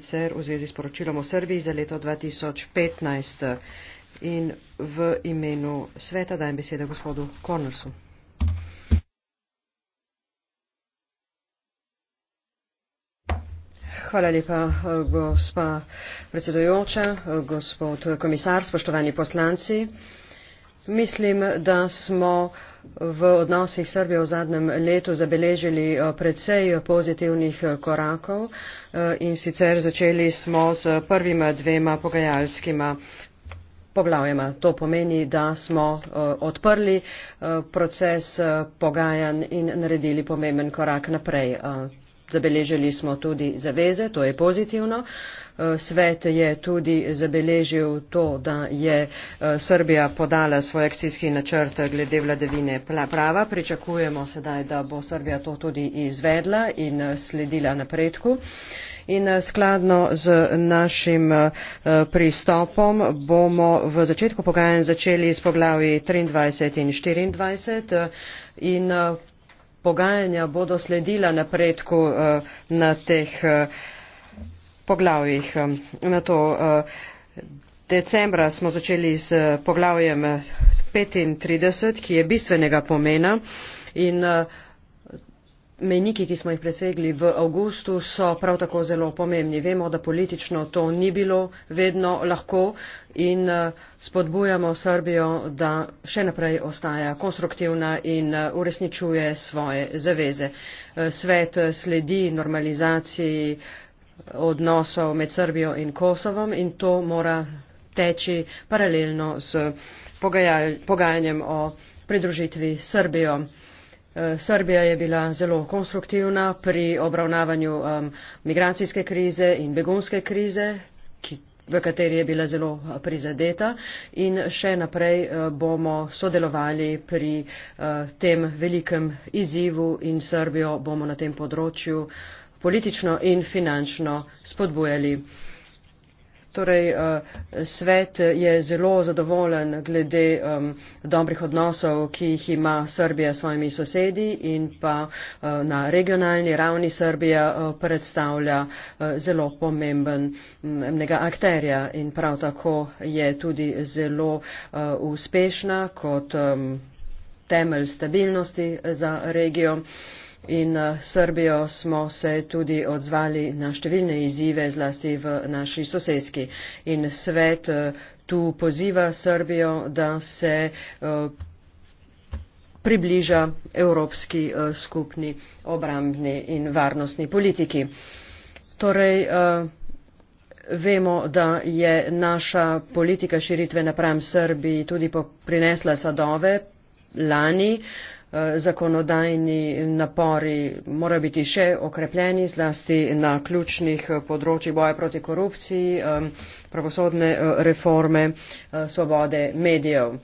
sicer v zvezi s poročilom o Srbiji za leto 2015. In v imenu sveta dajem besedo gospodu Kornersu. Hvala lepa, gospa predsedojoča, gospod komisar, spoštovani poslanci. Mislim, da smo v odnosih Srbije v zadnjem letu zabeležili eh, predvsej pozitivnih eh, korakov eh, in sicer začeli smo s prvima dvema pogajalskima poglavjema. To pomeni, da smo odprli proces pogajan in naredili pomemben korak naprej. Zabeležili smo tudi zaveze, to je pozitivno svet je tudi zabeležil to, da je eh, Srbija podala svoj akcijski načrt glede vladavine prava. Pričakujemo sedaj, da bo Srbija to tudi izvedla in eh, sledila napredku. In eh, skladno z našim pristopom bomo v začetku pogajanj začeli s poglavji 23 in 24 in pogajanja bodo sledila napredku na teh poglavjih. Um, na to uh, decembra smo začeli s poglavjem 35, ki je bistvenega pomena in uh, Mejniki, ki smo jih presegli v avgustu, so prav tako zelo pomembni. Vemo, da politično to ni bilo vedno lahko in uh, spodbujamo Srbijo, da še naprej ostaja konstruktivna in uresničuje svoje zaveze. Svet sledi normalizaciji odnosov med Srbijo in Kosovom in to mora teči paralelno s pogajanjem o pridružitvi Srbijo. E, Srbija je bila zelo konstruktivna pri obravnavanju um, migracijske krize in begunske krize, ki, v kateri je bila zelo prizadeta in še naprej e, bomo sodelovali pri uh, tem velikem izzivu in Srbijo bomo na tem področju uh, politično in finančno spodbujali. Torej, eh, svet je zelo zadovoljen glede um, dobrih odnosov, ki jih ima Srbija s svojimi sosedi in pa uh, na regionalni ravni Srbija uh, predstavlja uh, zelo pomemben mnega akterja in prav tako je tudi zelo uh, uspešna kot um, temelj stabilnosti za regijo. Uh, in eh, Srbijo smo se tudi odzvali na številne izzive, zlasti v naši sosedski. In svet eh, tu poziva Srbijo, da se eh, približa evropski skupni obrambni in varnostni politiki. Torej, vemo, da je naša politika širitve napram Srbiji tudi prinesla sadove lani. Eh, zakonodajni napori morajo biti še okrepljeni, zlasti na ključnih eh, področjih boja proti korupciji, eh, pravosodne reforme, svobode medijev.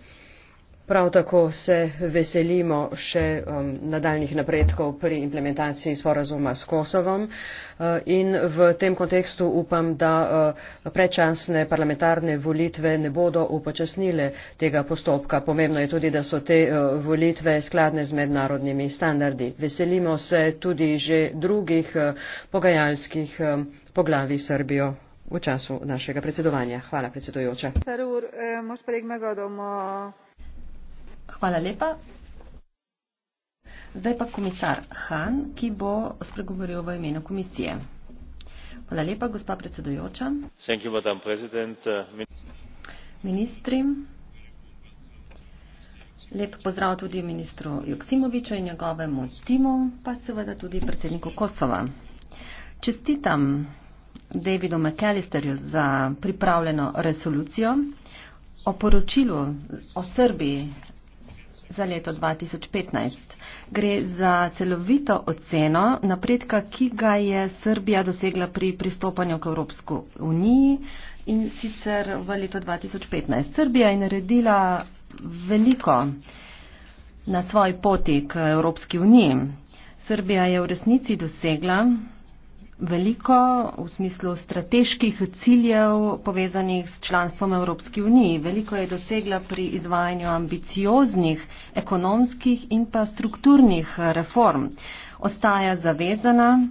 Prav tako se veselimo še um, nadaljnih napredkov pri implementaciji sporazuma s Kosovom uh, in v tem kontekstu upam, da uh, predčasne parlamentarne volitve ne bodo upočasnile tega postopka. Pomembno je tudi, da so te uh, volitve skladne z mednarodnimi standardi. Veselimo se tudi že drugih uh, pogajalskih um, poglavi Srbijo v času našega predsedovanja. Hvala predsedujoča. Sarur, eh, Hvala lepa. Zdaj pa komisar Han, ki bo spregovoril v imenu komisije. Hvala lepa, gospa predsedujoča. You, Ministri, lep pozdrav tudi ministru Joksimoviču in njegovemu timu, pa seveda tudi predsedniku Kosova. Čestitam Davidu McAllisterju za pripravljeno resolucijo o poročilu o Srbiji, za leto 2015. Gre za celovito oceno napredka, ki ga je Srbija dosegla pri pristopanju k Evropsko uniji in sicer v leto 2015. Srbija je naredila veliko na svoji poti k Evropski uniji. Srbija je v resnici dosegla veliko v smislu strateških ciljev povezanih s članstvom Evropske unije. Veliko je dosegla pri izvajanju ambicioznih ekonomskih in pa strukturnih reform. Ostaja zavezana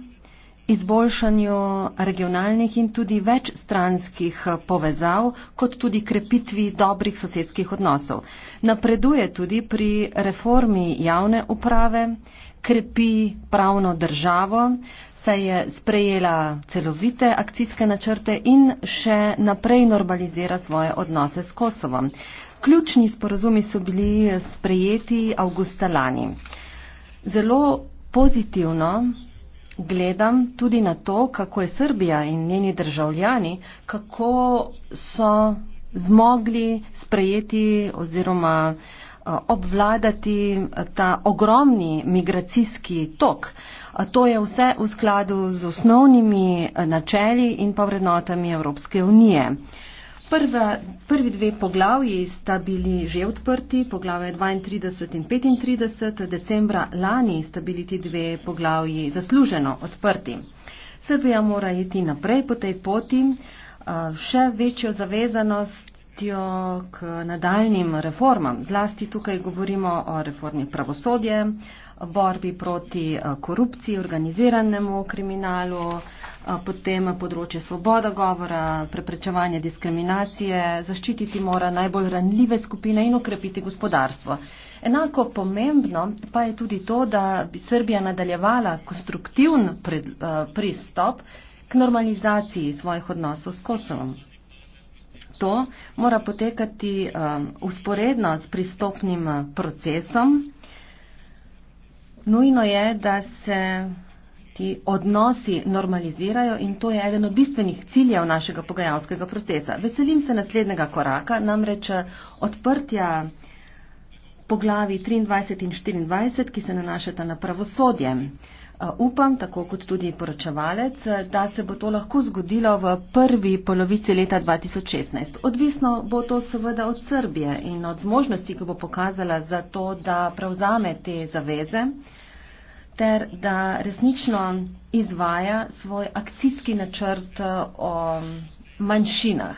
izboljšanju regionalnih in tudi večstranskih povezav, kot tudi krepitvi dobrih sosedskih odnosov. Napreduje tudi pri reformi javne uprave, krepi pravno državo, saj je sprejela celovite akcijske načrte in še naprej normalizira svoje odnose s Kosovom. Ključni sporozumi so bili sprejeti avgusta lani. Zelo pozitivno gledam tudi na to, kako je Srbija in njeni državljani, kako so zmogli sprejeti oziroma eh, obvladati eh, ta ogromni migracijski tok. To je vse v skladu z osnovnimi eh, načeli in pa vrednotami Evropske unije. Prva, prvi dve poglavji sta bili že odprti, poglavje 32 in 35. Decembra lani sta bili ti dve poglavji zasluženo odprti. Srbija mora iti naprej po tej poti, eh, še večjo zavezanostjo k nadaljnim reformam. Zlasti tukaj govorimo o reformi pravosodje, borbi proti eh, korupciji, organiziranemu kriminalu, eh, potem področje svoboda govora, preprečevanje diskriminacije, zaščititi mora najbolj ranljive skupine in okrepiti gospodarstvo. Enako pomembno pa je tudi to, da bi Srbija nadaljevala konstruktivn eh, pristop k normalizaciji svojih odnosov s Kosovom. To mora potekati usporedno s pristopnim procesom, Nujno je, da se ti odnosi normalizirajo in to je eden od bistvenih ciljev našega pogajalskega procesa. Veselim se naslednjega koraka, namreč odprtja poglavi 23 in 24, ki se nanašata na pravosodje. Upam, tako kot tudi poročevalec, da se bo to lahko zgodilo v prvi polovici leta 2016. Odvisno bo to seveda od Srbije in od zmožnosti, ki bo pokazala za to, da prevzame te zaveze ter da resnično izvaja svoj akcijski načrt eh, o manjšinah.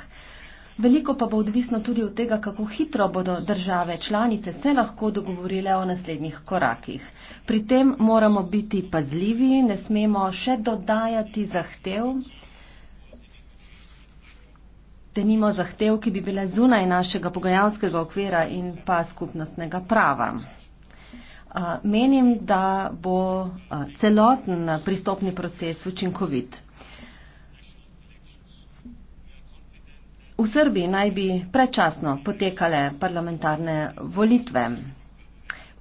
Veliko pa bo odvisno tudi od tega, kako hitro bodo države članice se lahko dogovorile o naslednjih korakih. Pri tem moramo biti pazljivi, ne smemo še dodajati zahtev, denimo zahtev, ki bi bile zunaj našega pogajalskega okvira in pa skupnostnega prava menim, da bo celoten pristopni proces učinkovit. V Srbiji naj bi predčasno potekale parlamentarne volitve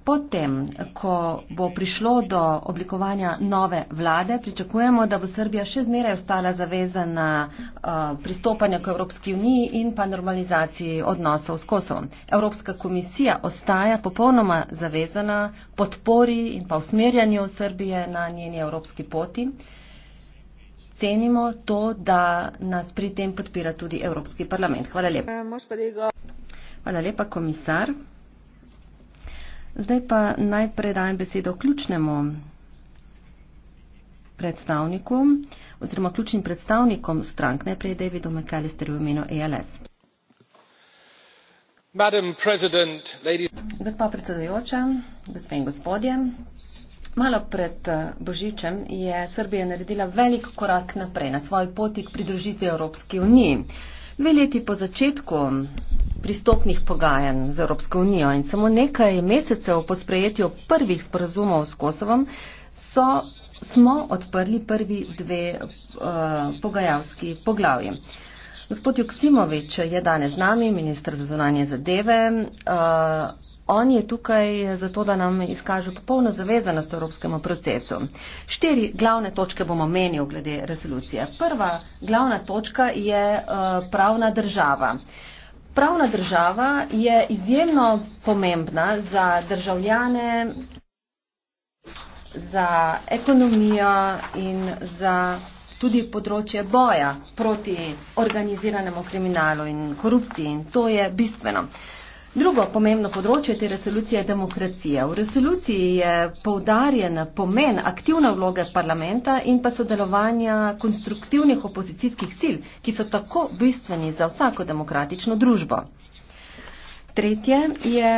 potem, ko bo prišlo do oblikovanja nove vlade, pričakujemo, da bo Srbija še zmeraj ostala zavezana eh, pristopanju k Evropski uniji in pa normalizaciji odnosov s Kosovom. Evropska komisija ostaja popolnoma zavezana podpori in pa usmerjanju Srbije na njeni evropski poti. Cenimo to, da nas pri tem podpira tudi Evropski parlament. Hvala lepa. Hvala lepa, komisar. Zdaj pa najprej dajem besedo ključnemu predstavniku oziroma ključnim predstavnikom strank, najprej Davidu McAllisterju v imenu ALS. Gospa predsedujoča, gospe in gospodje, malo pred eh, Božičem je Srbija naredila velik korak naprej na svoji poti k pridružitvi Evropski uniji dve leti po začetku pristopnih pogajanj z Evropsko unijo in samo nekaj mesecev po sprejetju prvih sporazumov s Kosovom so, smo odprli prvi dve uh, pogajalski poglavji. Gospod Juksimovič je danes z nami, ministr za zunanje zadeve. Uh, on je tukaj zato, da nam izkaže popolno zavezanost evropskemu procesu. Štiri glavne točke bomo menil glede rezolucije. Prva glavna točka je uh, pravna država. Pravna država je izjemno pomembna za državljane, za ekonomijo in za tudi področje boja proti organiziranemu kriminalu in korupciji in to je bistveno. Drugo pomembno področje te resolucije je demokracija. V resoluciji je poudarjen pomen aktivne vloge parlamenta in pa sodelovanja konstruktivnih opozicijskih sil, ki so tako bistveni za vsako demokratično družbo. Tretje je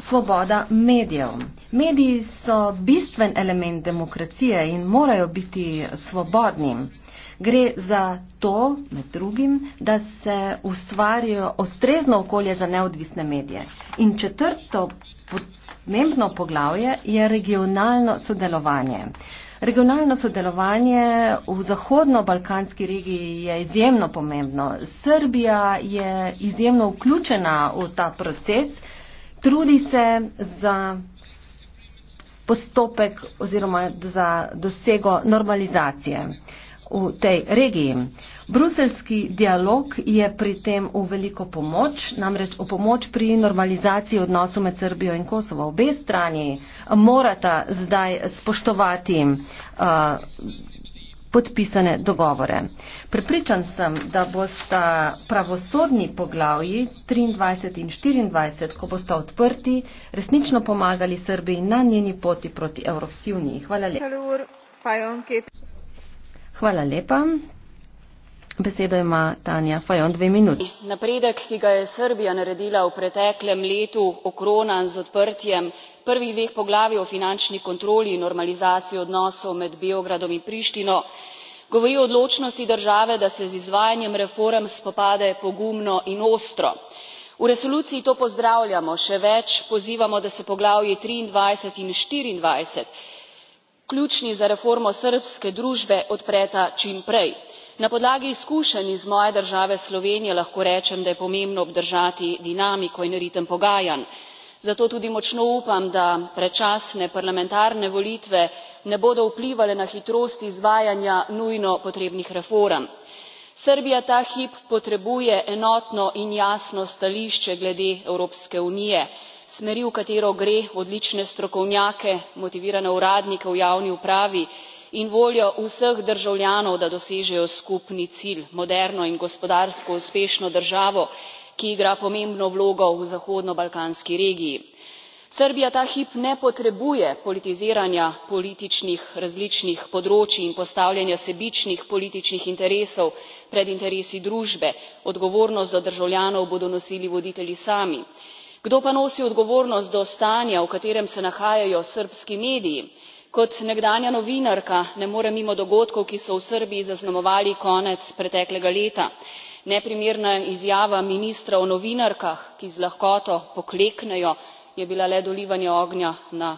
svoboda medijev. Mediji so bistven element demokracije in morajo biti svobodni. Gre za to, med drugim, da se ustvarijo ostrezno okolje za neodvisne medije. In četrto pomembno poglavje je regionalno sodelovanje. Regionalno sodelovanje v zahodno-balkanski regiji je izjemno pomembno. Srbija je izjemno vključena v ta proces trudi se za postopek oziroma za dosego normalizacije v tej regiji. Bruselski dialog je pri tem v veliko pomoč, namreč v pomoč pri normalizaciji odnosov med Srbijo in Kosovo. Obe strani morata zdaj spoštovati uh, podpisane dogovore. Prepričan sem, da bosta pravosodni poglavji 23 in 24, ko bosta odprti, resnično pomagali Srbiji na njeni poti proti Evropski uniji. Hvala lepa. Hvala lepa napredek ki ga je srbija naredila v preteklem letu okronan z odprtjem prvih dveh poglavij o finančni kontroli in normalizaciji odnosov med beogradom in prištino govori o odločnosti države da se z izvajanjem reform spopade pogumno in ostro. v resoluciji to pozdravljamo še več pozivamo da se poglavji triindvajset in štiriindvajset ključni za reformo srbske družbe odpreta čim prej na podlagi izkušenj iz moje države slovenije lahko rečem da je pomembno obdržati dinamiko in ritem pogajanj zato tudi močno upam da predčasne parlamentarne volitve ne bodo vplivale na hitrost izvajanja nujno potrebnih reform. srbija ta hip potrebuje enotno in jasno stališče glede evropske unije smeri v katero gre odlične strokovnjake motivirane uradnike v javni upravi in voljo vseh državljanov da dosežejo skupni cilj moderno in gospodarsko uspešno državo ki igra pomembno vlogo v zahodno balkanski regiji. srbija ta hip ne potrebuje politiziranja političnih različnih področij in postavljanja sebičnih političnih interesov pred interesi družbe odgovornost do državljanov bodo nosili voditelji sami. kdo pa nosi odgovornost do stanja v katerem se nahajajo srbski mediji? kot nekdanja novinarka ne morem mimo dogodkov ki so v srbiji zaznamovali konec preteklega leta neprimerna izjava ministra o novinarkah ki z lahkoto pokleknejo je bila le dolivanje ognja na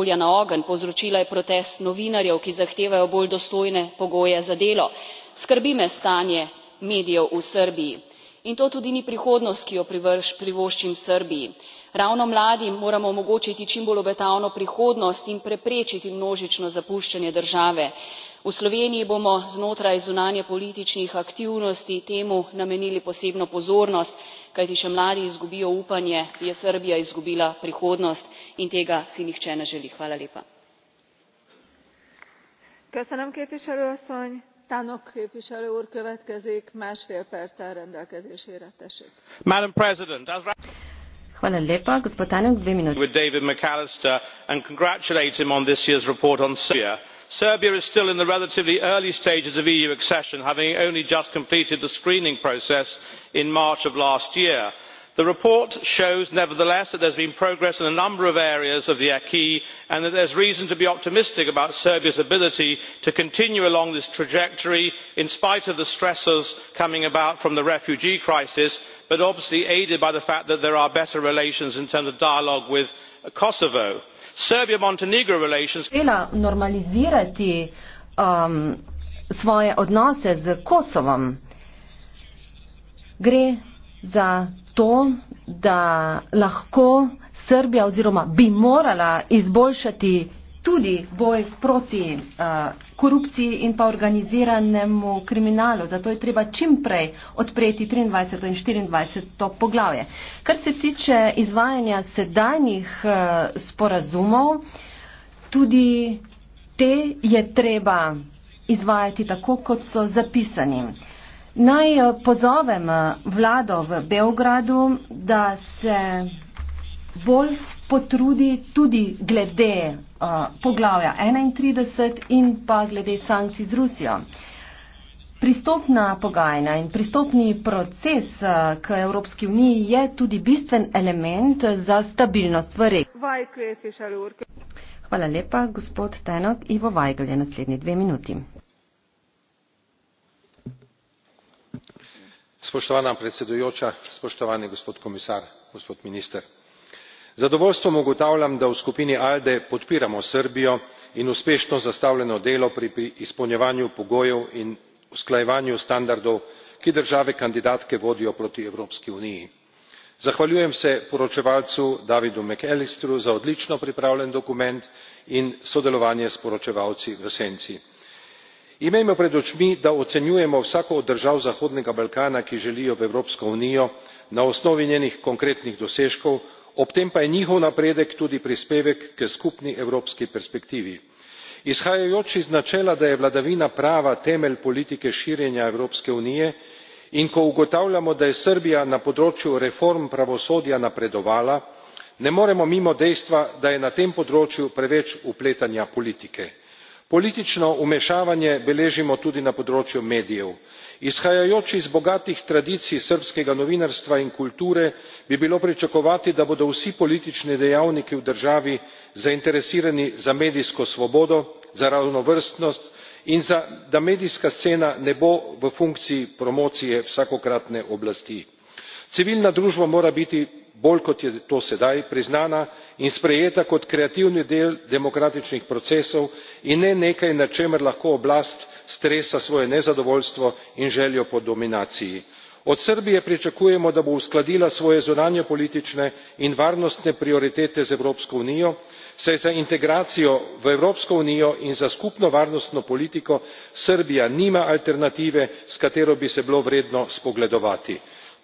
olja na ogenj povzročila je protest novinarjev ki zahtevajo bolj dostojne pogoje za delo. skrbi me stanje medijev v srbiji in to tudi ni prihodnost ki jo privoščim srbiji. ravno mladim moramo omogočiti čim bolj obetavno prihodnost in preprečiti množično zapuščanje države. v sloveniji bomo znotraj zunanjepolitičnih aktivnosti temu namenili posebno pozornost kajti če mladi izgubijo upanje je srbija izgubila prihodnost in tega si nihče ne želi madam president with david mcallister and congratulate him on this year's report on serbia. serbia is still in the relatively early stages of eu accession having only just completed the screening process in march of last year the report shows nevertheless that there has been progress in a number of areas of the acquis and that there is reason to be optimistic about serbia's ability to continue along this trajectory in spite of the stressors coming about from the refugee crisis but obviously aided by the fact that there are better relations in terms of dialogue with kosovo. serbia montenegro relations. uspela normalizirati um, svoje odnose s kosovom. gre za to, da lahko Srbija oziroma bi morala izboljšati tudi boj proti uh, korupciji in pa organiziranemu kriminalu. Zato je treba čim prej odpreti 23. in 24. poglavje. Kar se tiče izvajanja sedajnih uh, eh, sporazumov, tudi te je treba izvajati tako, kot so zapisani. Uh, Naj eh, pozovem eh, vlado v Beogradu, da se bolj potrudi tudi glede uh, poglavja 31 in pa glede sankcij z Rusijo. Pristopna pogajna in pristopni proces k Evropski uniji je tudi bistven element za stabilnost v regiji. Hvala lepa, gospod Tenok. Ivo Vajgl je naslednji dve minuti. spoštovana predsedujoča spoštovani gospod komisar gospod minister z zadovoljstvom ugotavljam da v skupini alde podpiramo srbijo in uspešno zastavljeno delo pri izpolnjevanju pogojev in usklajevanju standardov ki države kandidatke vodijo proti evropski uniji. zahvaljujem se poročevalcu davidu mcallistru za odlično pripravljen dokument in sodelovanje s poročevalci v senci imejmo pred očmi da ocenjujemo vsako od držav zahodnega balkana ki želijo v evropsko unijo na osnovi njenih konkretnih dosežkov ob tem pa je njihov napredek tudi prispevek k skupni evropski perspektivi. izhajajoč iz načela da je vladavina prava temelj politike širjenja evropske unije in ko ugotavljamo da je srbija na področju reform pravosodja napredovala ne moremo mimo dejstva da je na tem področju preveč vpletanja politike politično vmešavanje beležimo tudi na področju medijev. izhajajoč iz bogatih tradicij srbskega novinarstva in kulture bi bilo pričakovati da bodo vsi politični dejavniki v državi zainteresirani za medijsko svobodo za raznovrstnost in da medijska scena ne bo v funkciji promocije vsakokratne oblasti. civilna družba mora biti bolj kot je to sedaj priznana in sprejeta kot kreativni del demokratičnih procesov in ne nekaj nad čemer lahko oblast stresa svoje nezadovoljstvo in željo po dominaciji. od srbije pričakujemo da bo uskladila svoje zunanjepolitične in varnostne prioritete z evropsko unijo saj za integracijo v evropsko unijo in za skupno varnostno politiko srbija nima alternative s katero bi se bilo vredno spogledovati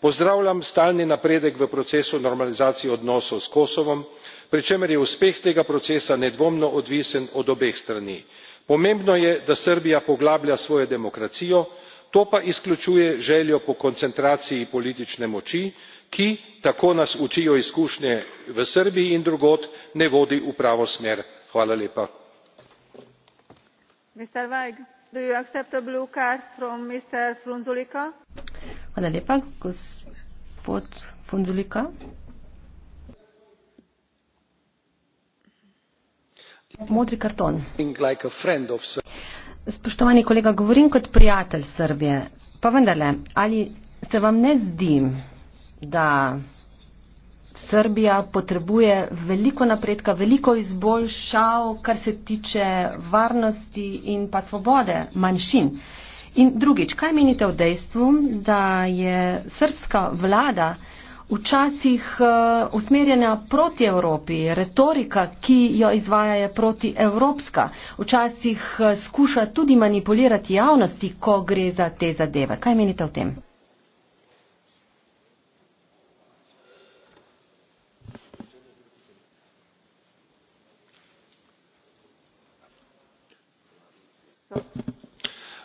pozdravljam stalni napredek v procesu normalizacije odnosov s kosovom pri čemer je uspeh tega procesa nedvomno odvisen od obeh strani. pomembno je da srbija poglablja svojo demokracijo to pa izključuje željo po koncentraciji politične moči ki tako nas učijo izkušnje v srbiji in drugod ne vodi v pravo smer. Hvala lepa, gospod Fonzulika. Modri karton. Spoštovani kolega, govorim kot prijatelj Srbije, pa vendarle, ali se vam ne zdi, da Srbija potrebuje veliko napredka, veliko izboljšav, kar se tiče varnosti in pa svobode manjšin? In drugič, kaj menite o dejstvu, da je srpska vlada včasih eh, usmerjena proti Evropi, retorika, ki jo izvaja je proti Evropska, včasih eh, skuša tudi manipulirati javnosti, ko gre za te zadeve. Kaj menite o tem?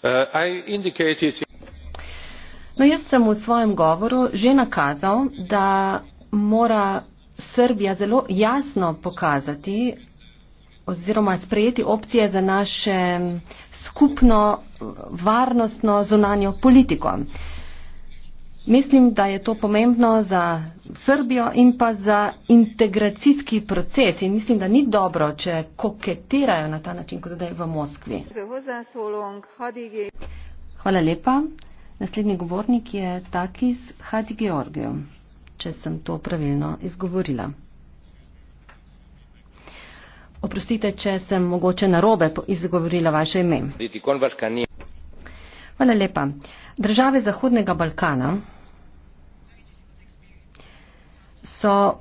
Uh, no, jaz sem v svojem govoru že nakazal, da mora Srbija zelo jasno pokazati oziroma sprejeti opcije za naše skupno varnostno zunanjo politiko. Uh, Mislim, da je to pomembno za Srbijo in pa za integracijski proces. In mislim, da ni dobro, če koketirajo na ta način, kot zdaj v Moskvi. Hvala lepa. Naslednji govornik je Takis Hadi Georgiju, če sem to pravilno izgovorila. Oprostite, če sem mogoče narobe izgovorila vaše ime. Hvala lepa. Države Zahodnega Balkana so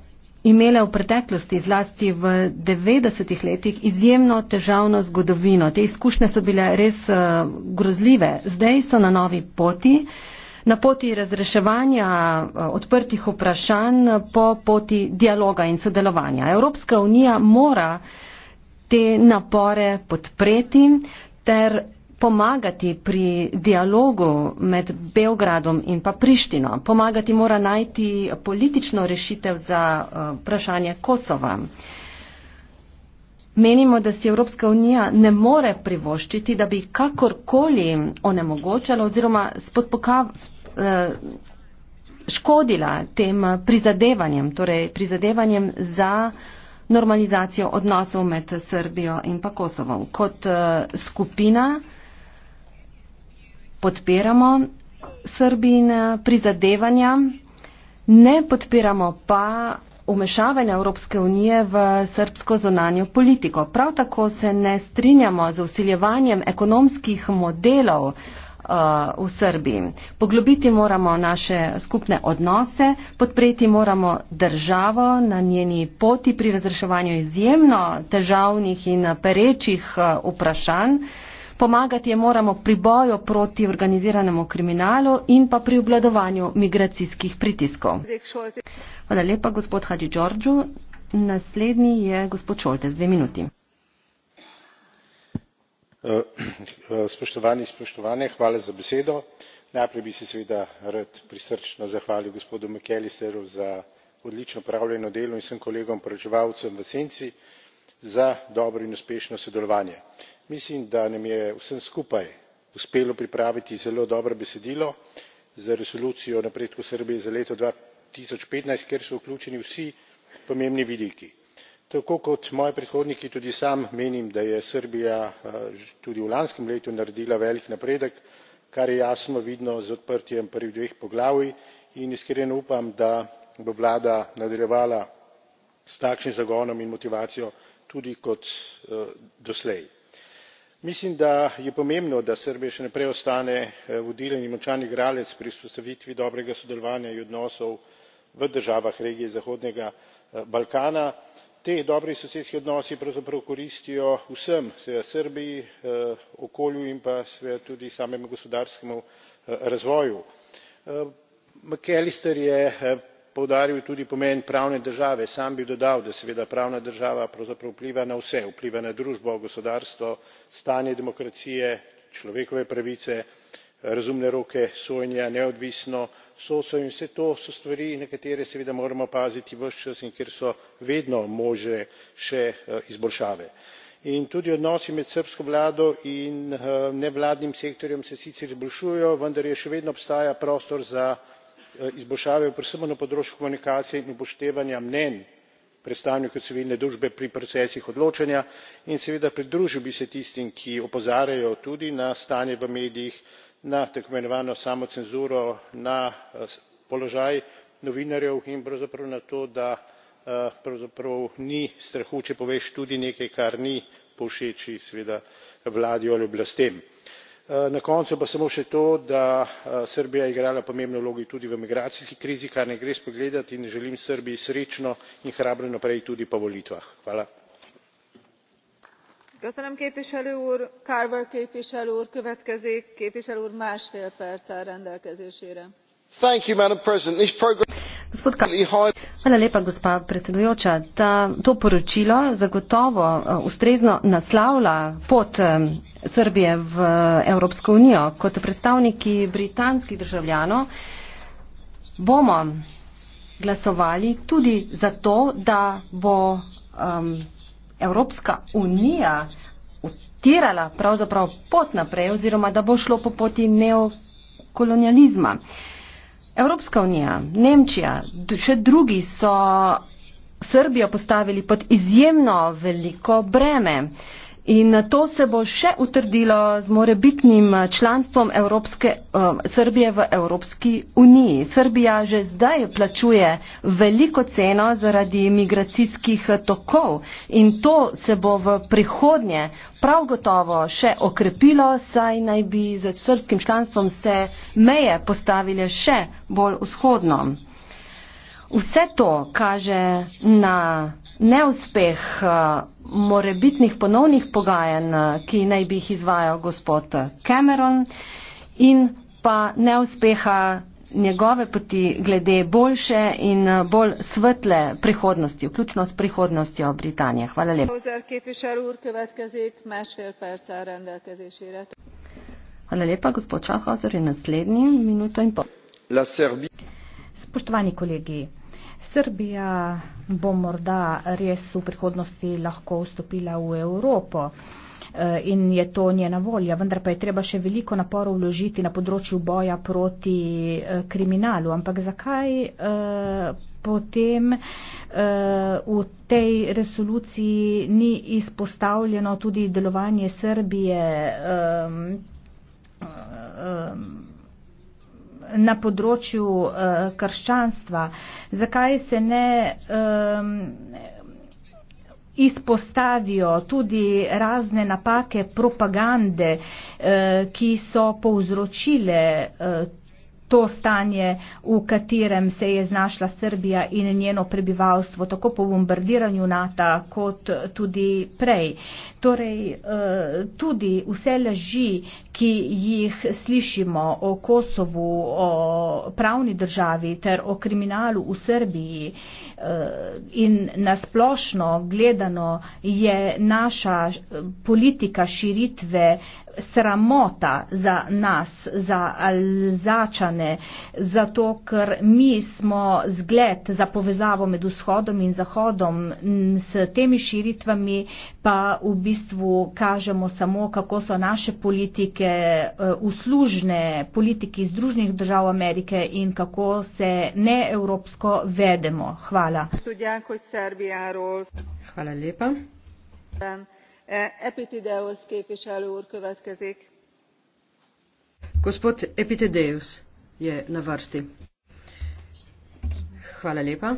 imele v preteklosti, zlasti v 90-ih letih, izjemno težavno zgodovino. Te izkušnje so bile res eh, grozljive. Zdaj so na novi poti, na poti razreševanja eh, odprtih vprašanj, po poti dialoga in sodelovanja. Evropska unija mora te napore podpreti ter pomagati pri dialogu med Beogradom in pa Prištino. Pomagati mora najti politično rešitev za eh, vprašanje Kosova. Menimo, da si Evropska unija ne more privoščiti, da bi kakorkoli onemogočala oziroma spodpokav, sp, eh, škodila tem prizadevanjem, torej prizadevanjem za normalizacijo odnosov med Srbijo in pa Kosovom. Kot eh, skupina podpiramo Srbina eh, prizadevanja, ne podpiramo pa umešavanja Evropske unije v srbsko zonanjo politiko. Prav tako se ne strinjamo z usiljevanjem ekonomskih modelov uh, v Srbiji. Poglobiti moramo naše skupne odnose, podpreti moramo državo na njeni poti pri razreševanju izjemno težavnih in perečih uh, vprašanj. Pomagati je moramo pri boju proti organiziranemu kriminalu in pa pri obladovanju migracijskih pritiskov. Hvala lepa, gospod Hadži Đorđu. Naslednji je gospod Šolte z dve minuti. Eh, spoštovani, spoštovane, hvala za besedo. Najprej bi se seveda rad prisrčno zahvalil gospodu McAllisteru za odlično upravljeno delo in vsem kolegom poročevalcem v senci za dobro in uspešno sodelovanje mislim da nam je vsem skupaj uspelo pripraviti zelo dobro besedilo za resolucijo o napredku srbije za leto dva tisoč petnajst kjer so vključeni vsi pomembni vidiki. tako kot moji predhodniki tudi sam menim da je srbija eh, tudi v lanskem letu naredila velik napredek kar je jasno vidno z odprtjem prvih dveh poglavij in iskreno upam da bo vlada nadaljevala s takšnim zagonom in motivacijo tudi kot eh, doslej mislim da je pomembno da srbija še naprej ostane eh, vodilen in močan igralec pri vzpostavitvi dobrega sodelovanja in odnosov v državah regije zahodnega eh, balkana. ti dobri sosedski odnosi pravzaprav koristijo vsem seveda srbiji eh, okolju in pa seveda tudi samemu gospodarskemu razvoju. mcallister je poudaril tudi pomen pravne države sam bi dodal da seveda pravna država pravzaprav vpliva na vse vpliva na družbo gospodarstvo stanje demokracije človekove pravice razumne roke sojenja neodvisno sodstvo in vse to so stvari na katere seveda moramo paziti ves čas in kjer so vedno možne še eh, izboljšave. in tudi odnosi med srbsko vlado in eh, nevladnim sektorjem se sicer izboljšujejo vendar je še vedno obstaja prostor za Eh, izboljšave predvsem na področju komunikacije in upoštevanja mnenj predstavnikov civilne družbe pri procesih odločanja in seveda pridružil bi se tistim ki opozarjajo tudi na stanje v medijih na tako imenovano samocenzuro na eh, položaj novinarjev in pravzaprav na to da eh, pravzaprav ni strahu če poveš tudi nekaj kar ni povšeči seveda vladi ali oblastem. Eh, na koncu pa samo še to da eh, srbija je igrala pomembno vlogo tudi v migracijski krizi kar ne gre spregledati in želim srbiji srečno in hrabro naprej tudi po volitvah. gospa predsedujoča to poročilo zagotovo eh, ustrezno naslavlja pot Srbije v Evropsko unijo. Kot predstavniki britanskih državljanov bomo glasovali tudi za to, da bo um, Evropska unija utirala pravzaprav pot naprej oziroma da bo šlo po poti neokolonializma. Evropska unija, Nemčija, še drugi so Srbijo postavili pod izjemno veliko breme. Uh, in to se bo še utrdilo z morebitnim članstvom Evropske, eh, Srbije v Evropski uniji. Srbija že zdaj plačuje veliko ceno zaradi migracijskih tokov in to se bo v prihodnje prav gotovo še okrepilo, saj naj bi z srbskim članstvom se meje postavile še bolj vzhodno. Vse to kaže na neuspeh eh, morebitnih ponovnih pogajanj, eh, ki naj bi jih izvajal gospod eh, Cameron in pa neuspeha njegove poti glede boljše in bolj svetle prihodnosti, vključno s prihodnostjo Britanije. Hvala lepa. Hvala lepa, gospod Šahozer, in naslednji minuto in pol. Spoštovani kolegi, Srbija bo morda res v prihodnosti lahko vstopila v Evropo eh, in je to njena volja, vendar pa je treba še veliko naporov vložiti na področju boja proti eh, kriminalu. Ampak zakaj eh, potem v tej resoluciji ni izpostavljeno tudi delovanje Srbije? na področju uh, krščanstva, zakaj se ne um, izpostavijo tudi razne napake propagande, uh, ki so povzročile uh, to stanje, v katerem se je znašla Srbija in njeno prebivalstvo, tako po bombardiranju NATO, kot tudi prej. Torej, eh, tudi vse laži, ki jih slišimo o Kosovu, o pravni državi ter o kriminalu v Srbiji eh, in nasplošno gledano je naša eh, politika širitve sramota za nas, za alzačane, zato ker mi smo zgled za povezavo med vzhodom in zahodom. S temi širitvami pa v bistvu kažemo samo, kako so naše politike eh, uslužne politiki Združenih držav Amerike in kako se neevropsko vedemo. Hvala. Hvala lepa. Eh, epitideios képviselő úr következik. gospod epitideios je na vrsti. hvala lepa.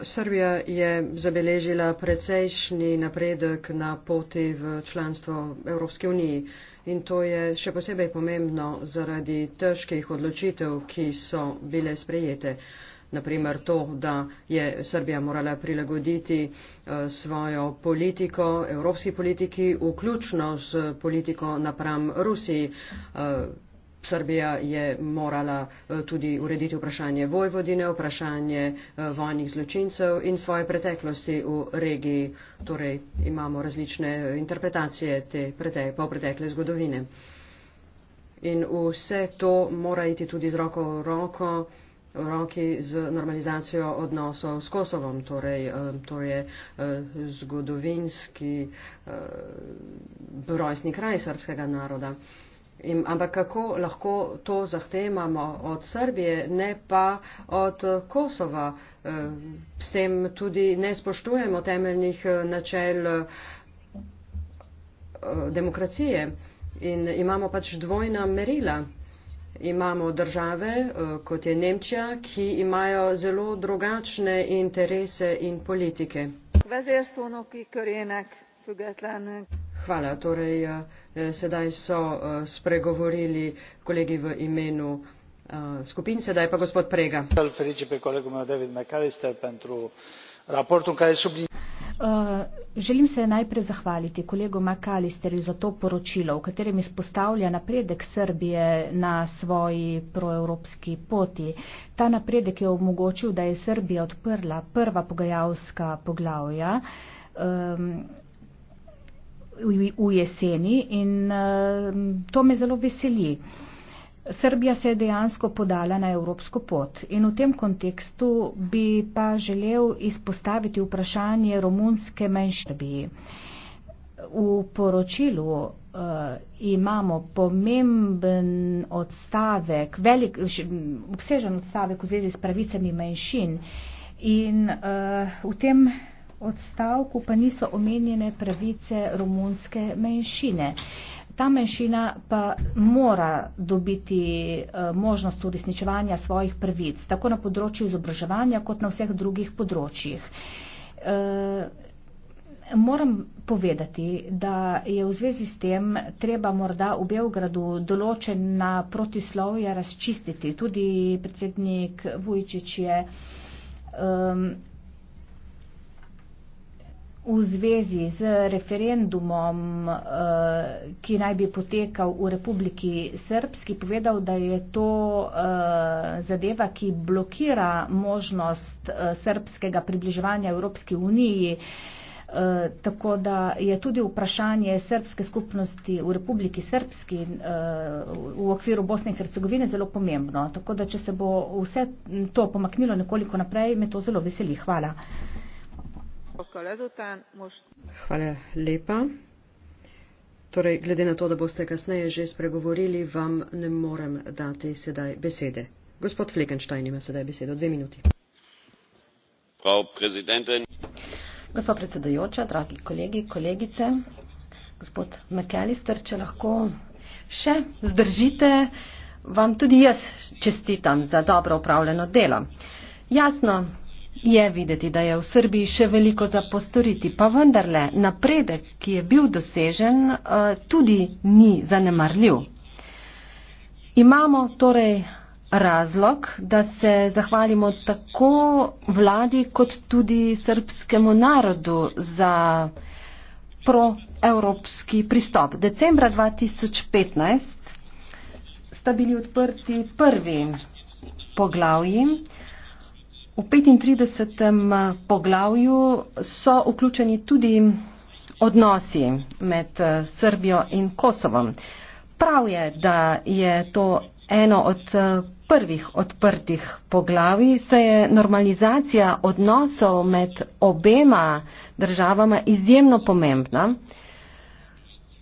srbija je zabeležila precejšnji napredek na poti v članstvo evropske unije in to je še posebej pomembno zaradi težkih odločitev, ki so bile sprejete naprimer to, da je Srbija morala prilagoditi eh, svojo politiko, evropski politiki, vključno s politiko napram Rusiji. Eh, Srbija je morala eh, tudi urediti vprašanje Vojvodine, vprašanje vojnih zločincev in svoje preteklosti v regiji. Torej imamo različne interpretacije te polpretekle zgodovine. In vse to mora iti tudi z roko v roko v roki z normalizacijo odnosov s Kosovom. Torej, eh, to je eh, zgodovinski eh, rojstni kraj srpskega naroda. In, ampak kako lahko to zahtevamo od Srbije, ne pa od Kosova? S tem tudi ne spoštujemo temeljnih načel demokracije in imamo pač dvojna merila imamo države, eh, kot je Nemčija, ki imajo zelo drugačne interese in politike. Hvala. Torej, eh, sedaj so eh, spregovorili kolegi v imenu skupin, sedaj pa gospod Prega. Eh, želim se najprej zahvaliti kolegu Makalisterju za to poročilo, v katerem izpostavlja napredek Srbije na svoji proevropski poti. Ta napredek je omogočil, da je Srbija odprla prva pogajalska poglavja um, v, v jeseni in um, to me zelo veseli. Um, Srbija se je dejansko podala na evropsko pot in v tem kontekstu bi pa želel izpostaviti vprašanje romunske menjšrbiji. V poročilu uh, imamo pomemben odstavek, velik, obsežen odstavek v zvezi s pravicami menjšin in uh, v tem odstavku pa niso omenjene pravice romunske menjšine. Uh, Ta menšina pa mora dobiti eh, možnost uresničevanja svojih prvic, tako na področju izobraževanja, kot na vseh drugih področjih. Eh, moram povedati, da je v zvezi s tem treba morda v Belgradu določena protislovja razčistiti. Tudi predsednik Vujčič je um, v zvezi z referendumom, eh, ki naj bi potekal v Republiki Srbski, povedal, da je to eh, zadeva, ki blokira možnost eh, srbskega približevanja Evropski uniji. Tako da je tudi vprašanje srpske skupnosti v Republiki Srpski v okviru Bosne in Hercegovine zelo pomembno. Tako da, če se bo vse to pomaknilo nekoliko naprej, me to zelo veseli. Hvala. Hvala lepa. Torej, glede na to, da boste kasneje že spregovorili, vam ne morem dati sedaj besede. Gospod Flekenštajn ima sedaj besedo. Dve minuti. Gospod predsedujoča, dragi kolegi, kolegice, gospod McAllister, če lahko še zdržite, vam tudi jaz čestitam za dobro upravljeno delo. Jasno, Je videti, da je v Srbiji še veliko za postoriti, pa vendarle napredek, ki je bil dosežen, eh, tudi ni zanemarljiv. Imamo torej razlog, da se zahvalimo tako vladi kot tudi srpskemu narodu za proevropski pristop. Decembra 2015 sta bili odprti prvi poglavji. V 35. Eh, poglavju so vključeni tudi odnosi med eh, Srbijo in Kosovom. Prav je, da je to eno od eh, prvih odprtih poglavij, se je normalizacija odnosov med obema državama izjemno pomembna.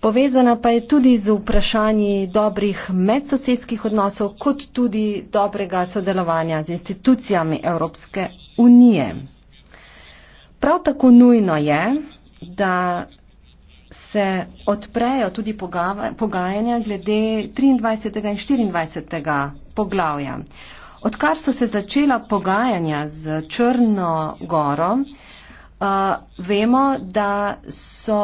Povezana pa je tudi z vprašanji dobrih medsosedskih odnosov, kot tudi dobrega sodelovanja z institucijami Evropske unije. Prav tako nujno je, da se odprejo tudi pogajanja glede 23. in 24. poglavja. Odkar so se začela pogajanja z Črno goro, uh, vemo, da so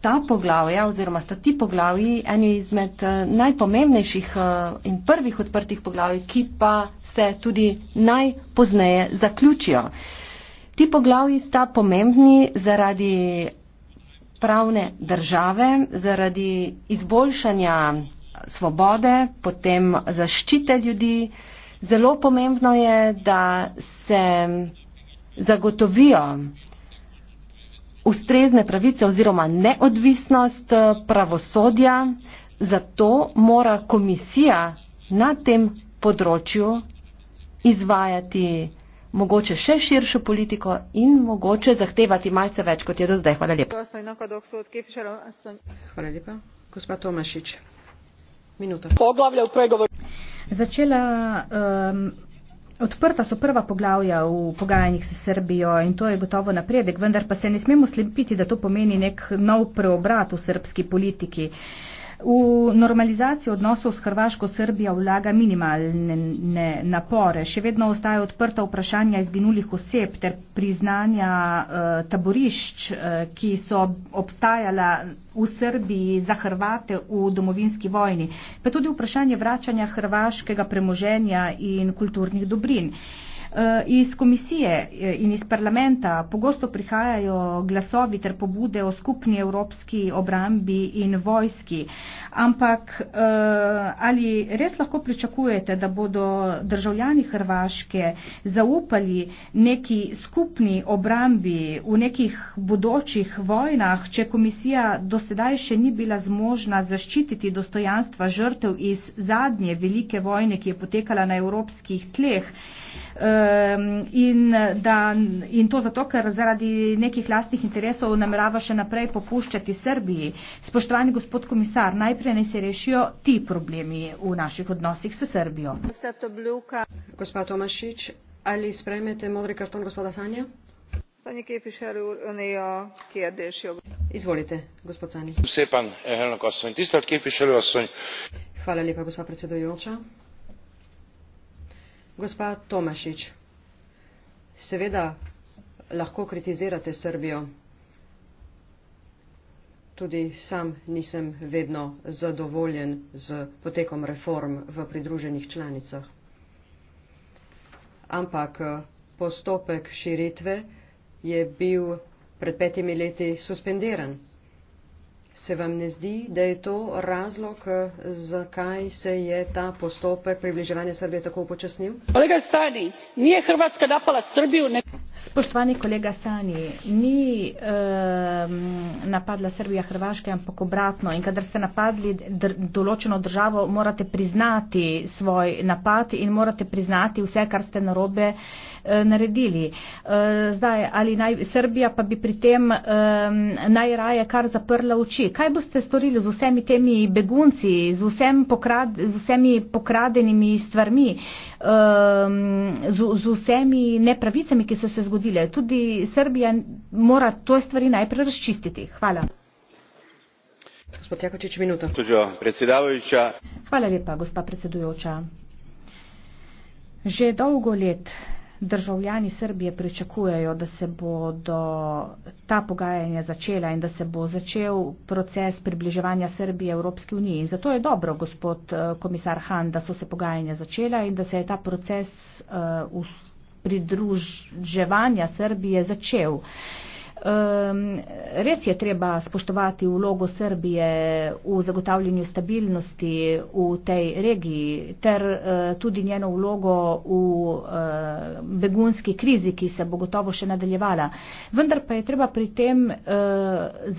ta poglavja oziroma sta ti poglavji eni izmed eh, najpomembnejših eh, in prvih odprtih poglavij, ki pa se tudi najpozneje zaključijo. Ti poglavji sta pomembni zaradi pravne države, zaradi izboljšanja svobode, potem zaščite ljudi. Zelo pomembno je, da se zagotovijo ustrezne pravice oziroma neodvisnost eh, pravosodja, zato mora komisija na tem področju izvajati mogoče še širšo politiko in mogoče zahtevati malce več, kot je do zdaj. Hvala lepa. Hvala lepa. Gospa Tomašič, minuta. Začela um, Odprta so prva poglavja v pogajanjih s Srbijo in to je gotovo napredek, vendar pa se ne smemo slepiti, da to pomeni nek nov preobrat v srbski politiki. Uh, V normalizacijo odnosov s Hrvaško Srbija vlaga minimalne napore. Še vedno ostaje odprta vprašanja izginulih oseb ter priznanja eh, taborišč, eh, ki so obstajala v Srbiji za Hrvate v domovinski vojni, pa tudi vprašanje vračanja hrvaškega premoženja in kulturnih dobrin. Eh, Eh, iz komisije eh, in iz parlamenta pogosto prihajajo glasovi ter pobude o skupni evropski obrambi in vojski. Ampak eh, ali res lahko pričakujete, da bodo državljani Hrvaške zaupali neki skupni obrambi v nekih bodočih vojnah, če komisija do sedaj še ni bila zmožna zaščititi dostojanstva žrtev iz zadnje velike vojne, ki je potekala na evropskih tleh? in, da, in to zato, ker zaradi nekih lastnih interesov namerava še naprej popuščati Srbiji. Spoštovani gospod komisar, najprej naj se rešijo ti problemi v naših odnosih s Srbijo. Gospod Tomašič, ali sprejmete modri karton gospoda Sanja? Izvolite, gospod Sanja. Eh, Hvala lepa, gospod predsedujoča. Gospa Tomašič, seveda lahko kritizirate Srbijo. Tudi sam nisem vedno zadovoljen z potekom reform v pridruženih članicah. Ampak eh, postopek širitve je bil pred petimi leti suspendiran. Se vam ne zdi, da je to razlog, zakaj se je ta postopek približevanja Srbije tako upočasnil? Kolega Stani, nije Hrvatska napala Srbiju, ne... Spoštovani kolega Stani, ni um, napadla Srbija Hrvaške, ampak obratno. In kadar ste napadli dr določeno državo, morate priznati svoj napad in morate priznati vse, kar ste narobe uh, Eh, naredili. Eh, zdaj, ali naj Srbija pa bi pri tem najraje kar zaprla oči. Kaj boste storili z vsemi temi begunci, z, vsem pokrad, z vsemi pokradenimi stvarmi, z, z vsemi nepravicami, ki so se zgodile? Tudi Srbija mora to stvari najprej razčistiti. Hvala. Jakočič, Hvala lepa, gospa predsedujoča. Že dolgo let državljani Srbije pričakujejo, da se bodo ta pogajanja začela in da se bo začel proces približevanja Srbije Evropski uniji. In zato je dobro, gospod eh, komisar Han, da so se pogajanja začela in da se je ta proces uh, pridruževanja Srbije začel. Uh, Um, res je treba spoštovati vlogo Srbije v zagotavljanju stabilnosti v tej regiji ter uh, tudi njeno vlogo v uh, begunski krizi, ki se bo gotovo še nadaljevala. Vendar pa je treba pri tem uh,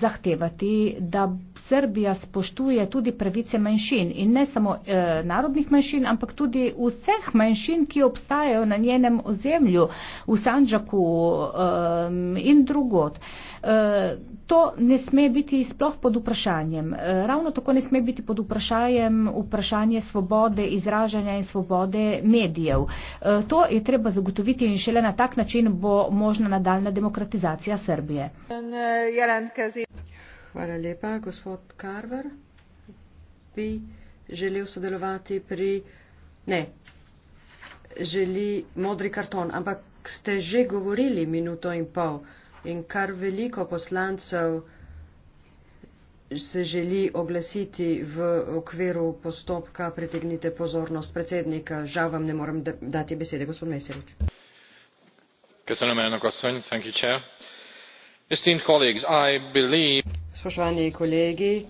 zahtevati, da Srbija spoštuje tudi pravice manjšin in ne samo uh, narodnih manjšin, ampak tudi vseh manjšin, ki obstajajo na njenem ozemlju v Sanđaku um, ehm, in drugo narod. E, to ne sme biti sploh pod vprašanjem. E, ravno tako ne sme biti pod vprašanjem vprašanje svobode izražanja in svobode medijev. E, to je treba zagotoviti in šele na tak način bo možna nadaljna demokratizacija Srbije. Hvala lepa, gospod Karver. Bi želel sodelovati pri. Ne, želi modri karton, ampak ste že govorili minuto in pol in kar veliko poslancev se želi oglasiti v okviru postopka, pritegnite pozornost predsednika. Žal vam ne morem dati besede, gospod Meselič. Spoštovani kolegi,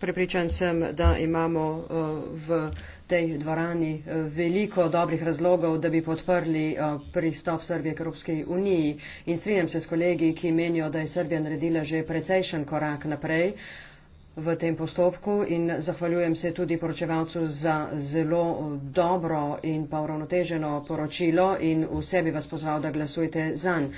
prepričan sem, da imamo eh, v tej dvorani eh, veliko dobrih razlogov, da bi podprli eh, pristop Srbije k Evropski uniji. In strinjam se s kolegi, ki menijo, da je Srbija naredila že precejšen korak naprej v tem postopku in zahvaljujem se tudi poročevalcu za zelo eh, dobro in pa uravnoteženo poročilo in vse bi vas pozval, da glasujete zanj.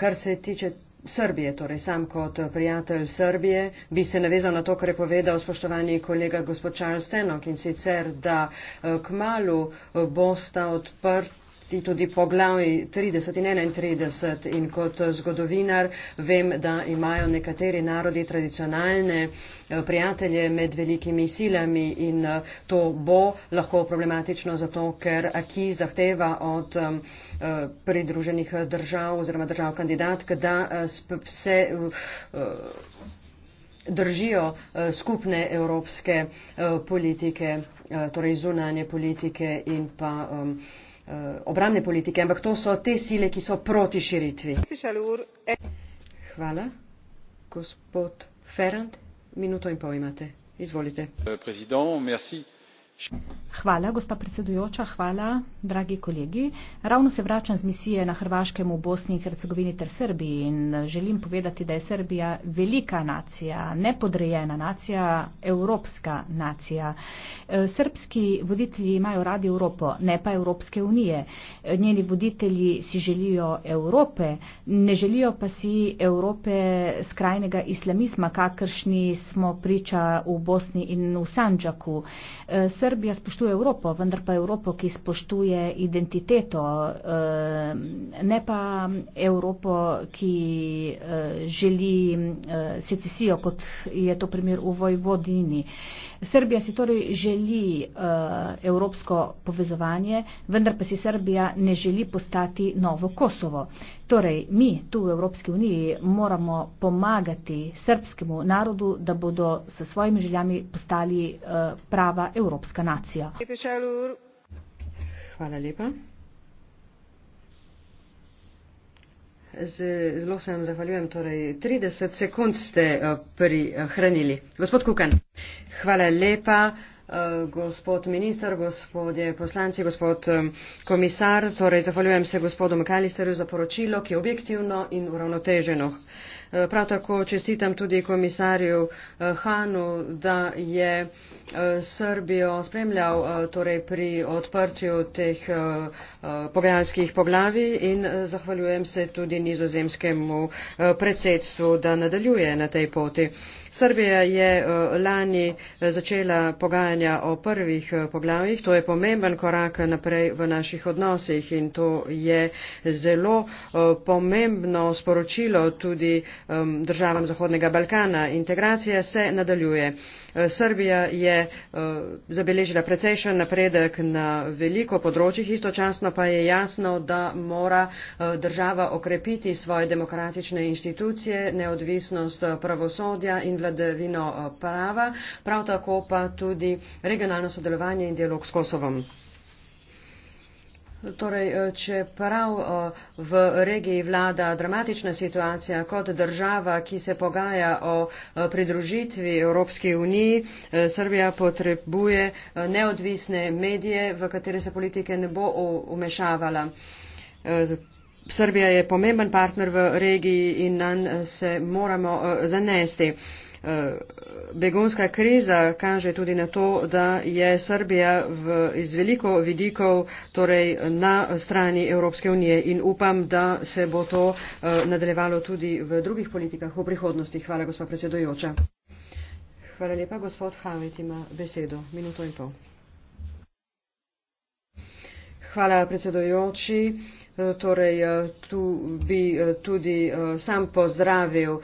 Kar se tiče Srbije, torej sam kot prijatelj Srbije, bi se navezal na to, kar je povedal spoštovani kolega gospod Charles Tenok in sicer, da eh, k malu eh, bosta odprt ti tudi poglavi 30 in 31 in kot zgodovinar vem, da imajo nekateri narodi tradicionalne eh, prijatelje med velikimi silami in eh, to bo lahko problematično zato, ker Aki zahteva od eh, pridruženih držav oziroma držav kandidatk, da se držijo skupne evropske politike, torej zunanje politike in pa Eh, obramne politike, ampak to so te sile, ki so proti širitvi. Hvala. Gospod Ferrand, minuto in pol imate. Izvolite. Predsednik, merci. Hvala, gospa predsedujoča, hvala, dragi kolegi. Ravno se vračam z misije na Hrvaškem v Bosni in Hercegovini ter Srbiji in želim povedati, da je Srbija velika nacija, nepodrejena nacija, evropska nacija. E, srbski voditelji imajo radi Evropo, ne pa Evropske unije. E, njeni voditelji si želijo Evrope, ne želijo pa si Evrope skrajnega islamizma, kakršni smo priča v Bosni in v Sanđaku. Srbi e, Srbija spoštuje Evropo, vendar pa Evropo, ki spoštuje identiteto, eh, ne pa Evropo, ki eh, želi eh, secesijo, kot je to primer v Vojvodini. Srbija si torej želi evropsko povezovanje, vendar pa si Srbija ne želi postati novo Kosovo. Torej, mi tu v Evropski uniji moramo pomagati srbskemu narodu, da bodo s svojimi željami postali prava Evropska afganska nacija. Hvala lepa. Zelo se vam zahvaljujem, torej 30 sekund ste eh, prihranili. Gospod Kukan, hvala lepa. Eh, gospod minister, gospodje poslanci, gospod eh, komisar, torej zahvaljujem se gospodu Mekalisterju za poročilo, ki je objektivno in uravnoteženo. Eh, prav tako čestitam tudi komisarju eh, Hanu, da je eh, Srbijo spremljal torej pri odprtju teh pogajalskih poglavi in zahvaljujem se tudi nizozemskemu predsedstvu, da nadaljuje na tej poti. Srbija je eh, lani eh, začela pogajanja o prvih eh, poglavjih. To je pomemben korak naprej v naših odnosih in to je zelo pomembno sporočilo tudi državam Zahodnega Balkana. Integracija se nadaljuje. Eh, Srbija je eh, zabeležila precejšen napredek na veliko področjih, istočasno pa je jasno, da mora eh, država okrepiti svoje demokratične institucije, neodvisnost pravosodja in vladavino prava, prav tako pa tudi regionalno sodelovanje in dialog s Kosovom. Torej, eh, če prav eh, v regiji vlada dramatična situacija kot država, ki se pogaja o eh, pridružitvi Evropski uniji, Srbija potrebuje neodvisne medije, v katere se politike ne bo umešavala. Srbija je pomemben partner v regiji in nam se moramo zanesti. Eh, begunska kriza kaže tudi na to, da je Srbija v, iz veliko vidikov torej na strani Evropske unije in upam, da se bo to eh, nadaljevalo tudi v drugih politikah v prihodnosti. Hvala, gospod predsedujoča. Hvala lepa, gospod Havet ima besedo. Minuto in pol. Hvala, predsedojoči. Eh, torej, tu bi tudi sam pozdravil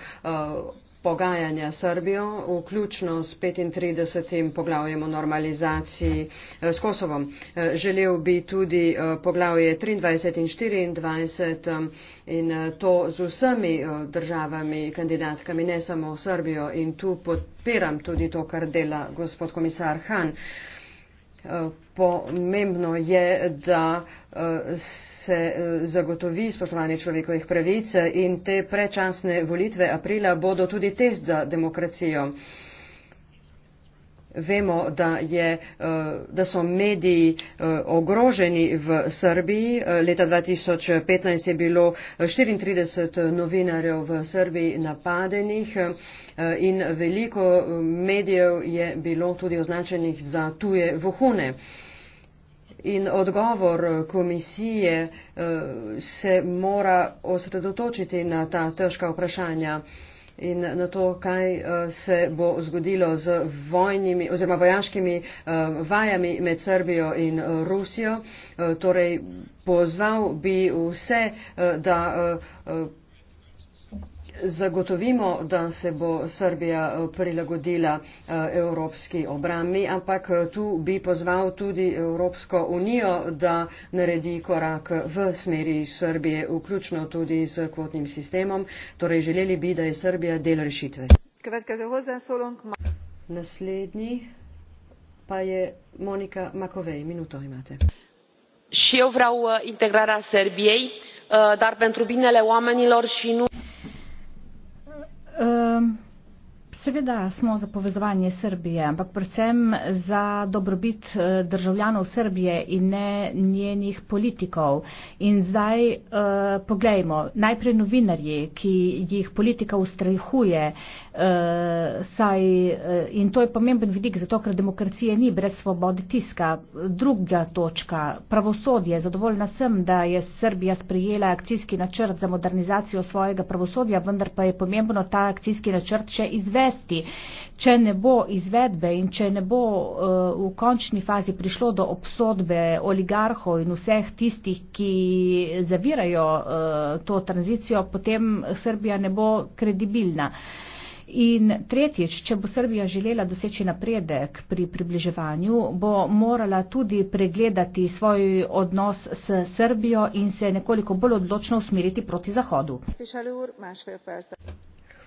pogajanja s Srbijo, vključno s 35. poglavjem o normalizaciji eh, s Kosovom. Eh, želel bi tudi eh, poglavje 23 in 24 in to z vsemi državami, kandidatkami, ne samo Srbijo. In tu podpiram tudi to, kar dela gospod komisar Han pomembno je, da eh, se eh, zagotovi spoštovanje človekovih pravic in te prečasne volitve aprila bodo tudi test za demokracijo vemo, da, je, eh, da so mediji eh, ogroženi v Srbiji. Eh, leta 2015 je bilo 34 novinarjev v Srbiji napadenih in veliko medijev je bilo tudi označenih za tuje vohune. In odgovor komisije se mora osredotočiti na ta težka vprašanja in na to, kaj eh, se bo zgodilo z vojnimi oziroma vojaškimi eh, vajami med Srbijo in eh, Rusijo. Torej, pozval bi vse, da zagotovimo, da se bo Srbija eh, prilagodila eh, Evropski obrambi, ampak eh, tu bi pozval tudi Evropsko unijo, da naredi korak v smeri Srbije, vključno tudi z kvotnim sistemom. Torej, želeli bi, da je Srbija del rešitve. Naslednji pa je Monika Makovej. Minuto imate. Și eu vreau integrarea Serbiei, dar pentru binele oamenilor și nu. Um, Seveda smo za povezovanje Srbije, ampak predvsem za dobrobit eh, državljanov Srbije in ne njenih politikov. In zdaj eh, pogledajmo, najprej novinarji, ki jih politika ustrehuje, eh, saj, eh, in to je pomemben vidik, zato ker demokracije ni brez svobode tiska. Druga točka, pravosodje. Zadovoljna sem, da je Srbija sprejela akcijski načrt za modernizacijo svojega pravosodja, vendar pa je pomembno ta akcijski načrt še izvesti prosti, če ne bo izvedbe in če ne bo uh, v končni fazi prišlo do obsodbe oligarhov in vseh tistih, ki zavirajo uh, to tranzicijo, potem Srbija ne bo kredibilna. In tretjič, če bo Srbija želela doseči napredek pri približevanju, bo morala tudi pregledati svoj odnos s Srbijo in se nekoliko bolj odločno usmeriti proti Zahodu david mamet je bil leta tisoč devetsto štiriindvajset obsojen na štiriinpetdeset let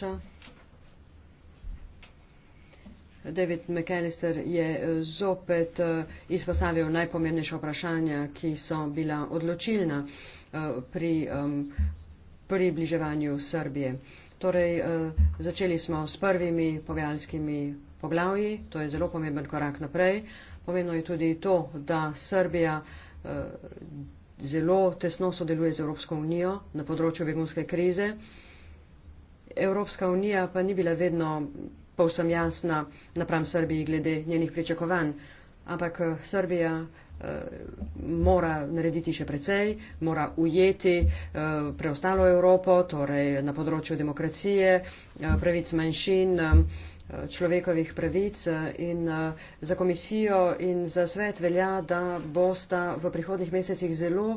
zapora david mcallister je eh, zopet eh, izpostavil najpomembnejša vprašanja ki so bila odločilna eh, pri približevanju srbije. torej začeli smo s prvimi pogajalskimi poglavji to je zelo pomemben korak naprej. pomembno je tudi to da srbija Eh, zelo tesno sodeluje z Evropsko unijo na področju begunske krize. Evropska unija pa ni bila vedno povsem jasna napram Srbiji glede njenih pričakovanj, ampak eh, Srbija eh, mora narediti še precej, mora ujeti preostalo Evropo, torej na področju demokracije, pravic manjšin, človekovih pravic eh, in eh, za komisijo in za svet velja, da bosta v prihodnih mesecih zelo eh,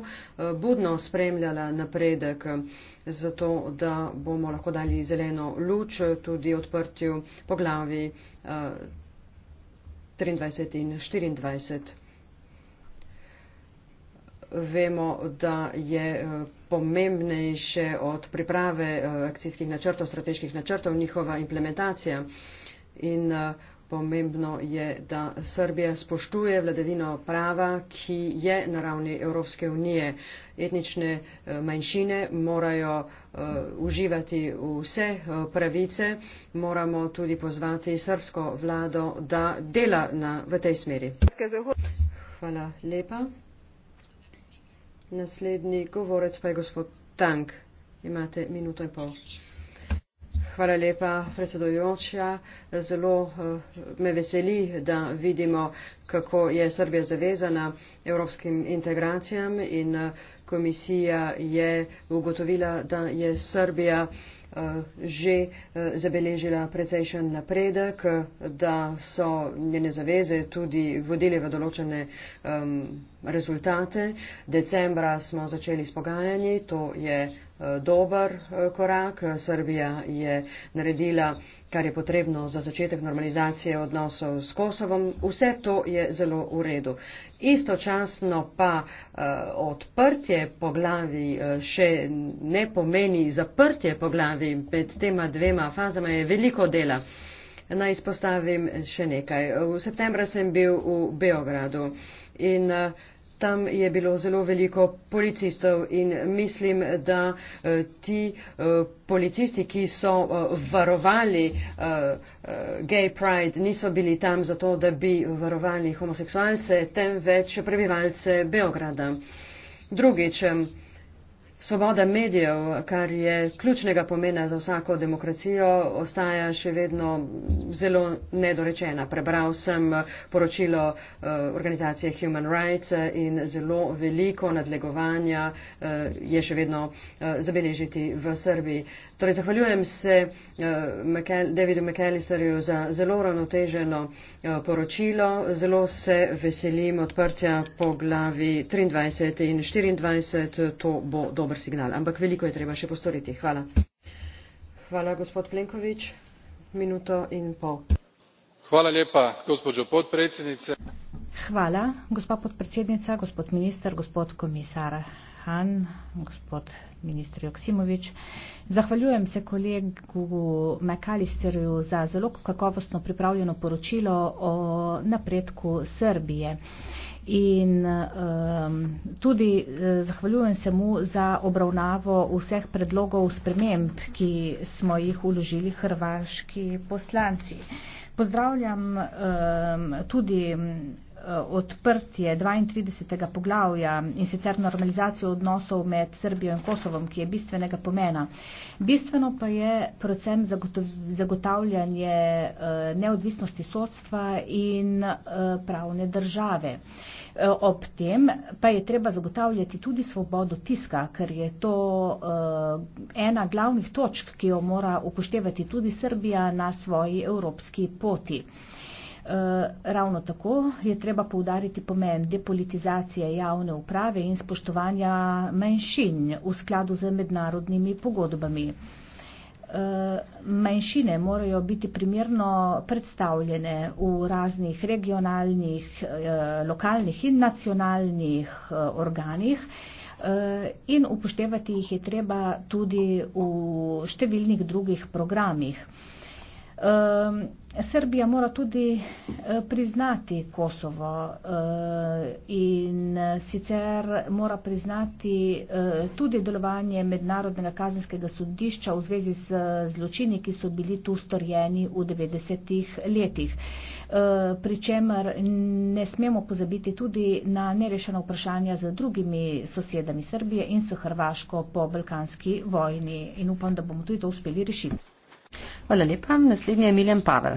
budno spremljala napredek, zato da bomo lahko dali zeleno luč tudi odprtju poglavi 23 in 24. Vemo, da je pomembnejše od priprave akcijskih načrtov, strateških načrtov, njihova implementacija in eh, pomembno je, da Srbija spoštuje vladavino prava, ki je na ravni Evropske unije. Etnične eh, manjšine morajo eh, uživati vse pravice. Moramo tudi pozvati srbsko vlado, da dela na, v tej smeri. Hvala lepa. Naslednji govorec pa je gospod Tank. Imate minuto in pol. Hvala lepa, predsedujoča. Zelo eh, me veseli, da vidimo, kako je Srbija zavezana evropskim integracijam in eh, komisija je ugotovila, da je Srbija eh, že zabeležila precejšen napredek, da so njene zaveze tudi vodile v določene. Um, rezultate. Decembra smo začeli s pogajanji, to je eh, dober eh, korak. Srbija je naredila, kar je potrebno za začetek normalizacije odnosov s Kosovom. Vse to je zelo v redu. Istočasno pa eh, odprtje poglavi še ne pomeni zaprtje poglavi med tema dvema fazama je veliko dela. Naj izpostavim še nekaj. V septembra sem bil v Beogradu in eh, tam je bilo zelo veliko policistov in mislim, da eh, ti eh, policisti, ki so varovali gay pride, niso bili tam zato, da bi varovali homoseksualce, temveč prebivalce Beograda. Drugič, Svoboda medijev, kar je ključnega pomena za vsako demokracijo, ostaja še vedno zelo nedorečena. Prebral sem poročilo eh, organizacije Human Rights eh, in zelo veliko nadlegovanja eh, je še vedno zabeležiti v Srbiji. Torej, zahvaljujem se eh, Davidu McAllisterju za zelo ravnoteženo eh, poročilo. Zelo se veselim odprtja po glavi 23 in 24. To bo dober signal. Ampak veliko je treba še postoriti. Hvala. Hvala, gospod Plenkovič. Minuto in pol. Hvala lepa, gospođo podpredsednice. Hvala, gospa podpredsednica, gospod minister, gospod komisar Han, gospod ministr Joksimovič. Zahvaljujem se kolegu McAllisterju za zelo kakovostno pripravljeno poročilo o napredku Srbije. In um, tudi eh, zahvaljujem se mu za obravnavo vseh predlogov sprememb, ki smo jih uložili hrvaški poslanci. Pozdravljam um, tudi Eh, odprtje 32. poglavja in sicer normalizacijo odnosov med Srbijo in Kosovom, ki je bistvenega pomena. Bistveno pa je predvsem zagotavljanje eh, neodvisnosti sodstva in eh, pravne države. Ob tem pa je treba zagotavljati tudi svobodo tiska, ker je to ena glavnih točk, ki jo mora upoštevati tudi Srbija na svoji evropski poti. Eh, ravno tako je treba povdariti pomen depolitizacije javne uprave in spoštovanja manjšin v skladu z mednarodnimi pogodbami. Eh, manjšine morajo biti primerno predstavljene v raznih regionalnih, eh, lokalnih in nacionalnih organih in upoštevati jih je treba tudi v številnih drugih programih. Um, Srbija mora tudi eh, priznati Kosovo eh, in sicer mora priznati eh, tudi delovanje mednarodnega kazenskega sodišča v zvezi z zločini, ki so bili tu storjeni v 90-ih letih. Pričemer ne smemo pozabiti tudi na nerešena vprašanja z drugimi sosedami Srbije in s Hrvaško po balkanski vojni in upam, da bomo tudi to uspeli rešiti. Hvala lepa. Naslednji je Miljan Pavel.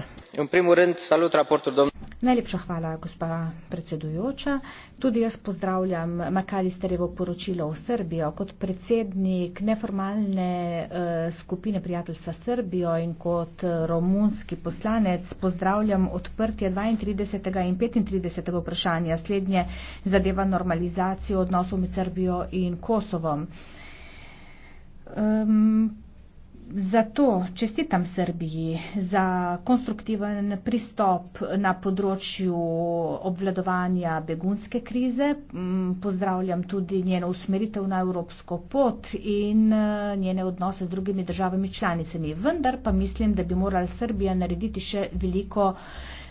Najlepša hvala, gospa predsedujoča. Tudi jaz pozdravljam Makalisterjevo poročilo v Srbijo. Kot predsednik neformalne eh, skupine prijateljstva Srbijo in kot eh, romunski poslanec pozdravljam odprtje 32. in 35. vprašanja. Slednje zadeva normalizacijo odnosov med Srbijo in Kosovom. Zato čestitam Srbiji za konstruktiven pristop na področju obvladovanja begunske krize. Mm, pozdravljam tudi njeno usmeritev na evropsko pot in eh, njene odnose z drugimi državami članicami. Vendar pa mislim, da bi morala Srbija narediti še veliko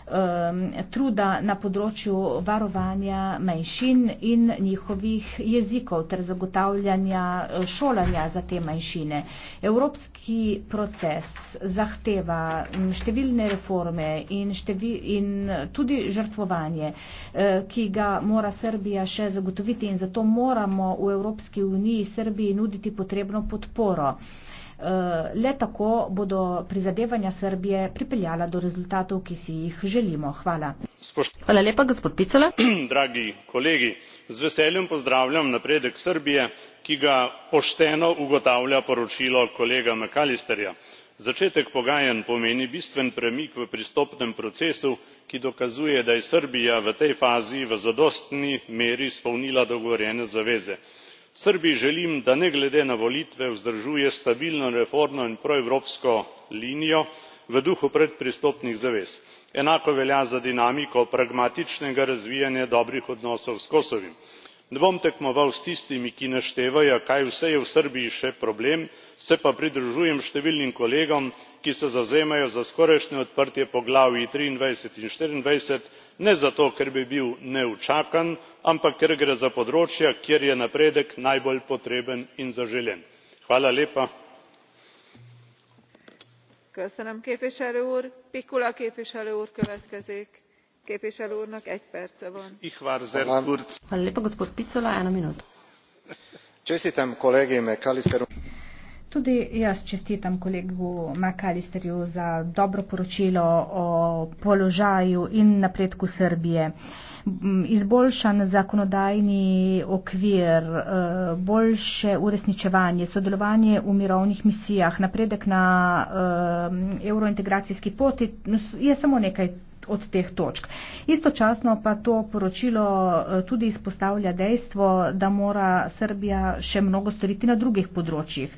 um, truda na področju varovanja manjšin in njihovih jezikov ter zagotavljanja eh, šolanja za te manjšine. Evropski proces zahteva mm, številne reforme in, števi, in eh, tudi žrtvovanje, eh, ki ga mora Srbija še zagotoviti in zato moramo v Evropski uniji Srbiji nuditi potrebno podporo. Eh, le tako bodo prizadevanja Srbije pripeljala do rezultatov, ki si jih želimo. Hvala. Hvala lepa, gospod Picola. Dragi kolegi, z veseljem pozdravljam napredek Srbije, ki ga pošteno ugotavlja poročilo kolega McAllisterja. Začetek pogajanj pomeni bistven premik v pristopnem procesu, ki dokazuje, da je Srbija v tej fazi v zadostni meri izpolnila dogovorjene zaveze srbiji želim da ne glede na volitve vzdržuje stabilno reformno in proevropsko linijo v duhu predpristopnih zavez enako velja za dinamiko pragmatičnega razvijanja dobrih odnosov s kosovim. ne bom tekmoval s tistimi ki naštevajo kaj vse je v srbiji še problem se pa pridružujem številnim kolegom ki se zavzemajo za skorajšnje odprtje poglavij triindvajset in štiriindvajset ne zato ker bi bil neučakan ampak ker gre za področja kjer je napredek najbolj potreben in zaželen. čestitam kolegi mcallisteru Tudi jaz čestitam kolegu Makalisterju za dobro poročilo o položaju in napredku Srbije. Mm, izboljšan zakonodajni okvir, eh, boljše uresničevanje, sodelovanje v mirovnih misijah, napredek na eh, evrointegracijski poti no, je samo nekaj od teh točk. Istočasno pa to poročilo eh, tudi izpostavlja dejstvo, da mora Srbija še mnogo storiti na drugih področjih.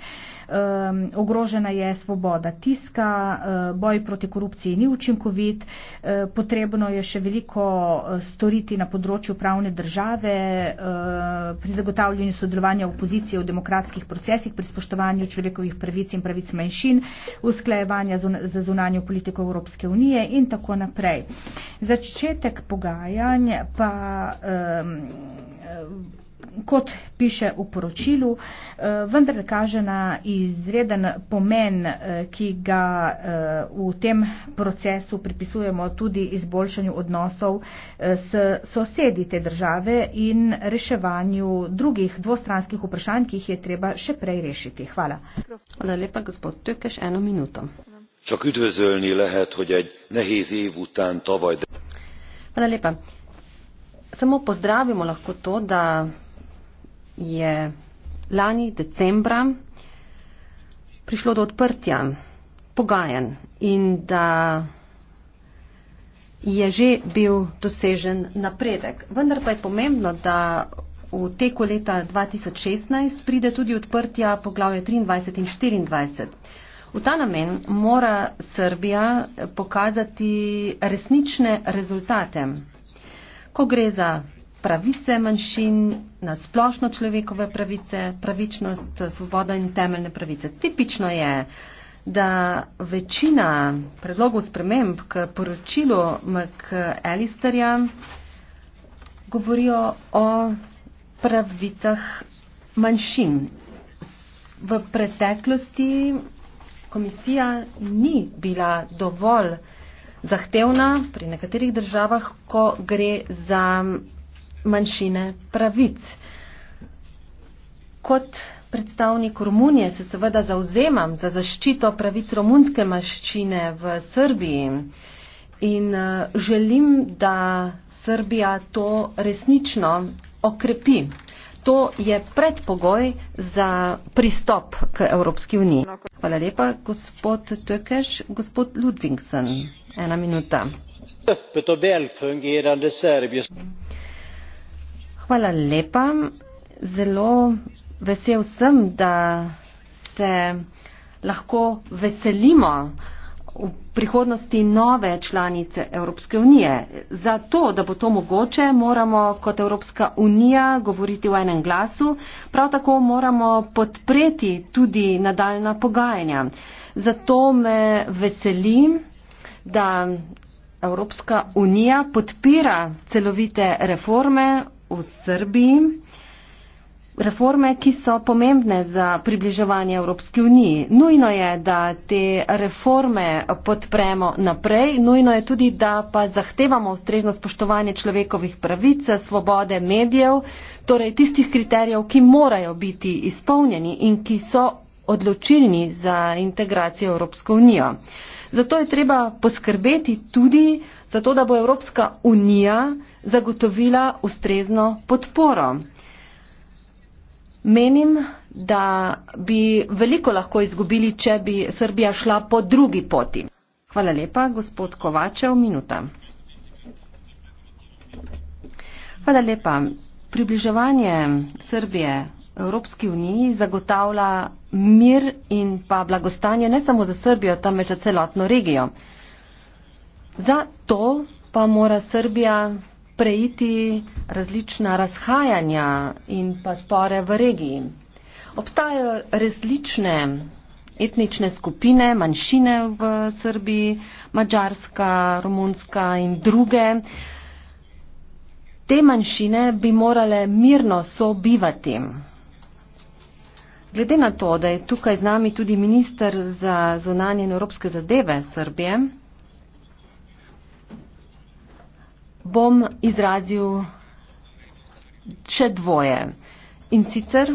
Um, ogrožena je svoboda tiska, uh, boj proti korupciji ni učinkovit, uh, potrebno je še veliko storiti na področju pravne države, uh, pri zagotavljanju sodelovanja opozicije v demokratskih procesih, pri spoštovanju človekovih pravic in pravic manjšin, usklajevanja z zunanjo politiko Evropske unije in tako naprej naprej. Začetek pogajanj pa. Um, kot piše v poročilu, eh, vendar kaže na izreden pomen, eh, ki ga eh, v tem procesu pripisujemo tudi izboljšanju odnosov s sosedi te države in reševanju drugih dvostranskih vprašanj, ki jih je treba še prej rešiti. Hvala. Hvala lepa, gospod Tökeš, eno minuto csak üdvözölni lehet hogy egy nehéz év után tavaly Hvala lepa. Samo pozdravimo lahko to, da je lani decembra prišlo do odprtja pogajanj in da je že bil dosežen napredek. Vendar pa je pomembno, da v teku leta 2016 pride tudi odprtja poglavje 23 in 24. V ta namen mora Srbija pokazati resnične rezultate, ko gre za pravice manjšin, na splošno človekove pravice, pravičnost, svobodo in temeljne pravice. Tipično je, da večina predlogov sprememb k poročilu McAllisterja govorijo o pravicah manjšin. V preteklosti komisija ni bila dovolj zahtevna pri nekaterih državah, ko gre za manjšine pravic. Kot predstavnik Romunije se seveda zauzemam za zaščito pravic romunske maščine v Srbiji in eh, želim, da Srbija to resnično okrepi to je predpogoj za pristop k Evropski uniji. Hvala lepa, gospod Tökeš, gospod Ludvigsen, ena minuta. Hvala lepa, zelo vesel sem, da se lahko veselimo uh, v prihodnosti nove članice Evropske unije. Zato, da bo to mogoče, moramo kot Evropska unija govoriti v enem glasu, prav tako moramo podpreti tudi nadaljna pogajanja. Zato me veseli, da Evropska unija podpira celovite reforme v Srbiji reforme, ki so pomembne za približevanje Evropski uniji. Nujno je, da te reforme podpremo naprej, nujno je tudi, da pa zahtevamo ustrezno spoštovanje človekovih pravic, svobode medijev, torej tistih kriterijev, ki morajo biti izpolnjeni in ki so odločilni za integracijo Evropsko unijo. Zato je treba poskrbeti tudi za to, da bo Evropska unija zagotovila ustrezno podporo. Menim, da bi veliko lahko izgubili, če bi Srbija šla po drugi poti. Hvala lepa, gospod Kovačev, minuta. Hvala lepa. Približevanje Srbije Evropski uniji zagotavlja mir in pa blagostanje ne samo za Srbijo, temveč za celotno regijo. Za to pa mora Srbija preiti različna razhajanja in pa spore v regiji. Obstajajo različne etnične skupine, manjšine v Srbiji, mačarska, romunska in druge. Te manjšine bi morale mirno sobivati. Glede na to, da je tukaj z nami tudi minister za zonanje in evropske zadeve Srbije, bom izrazil še dvoje. In sicer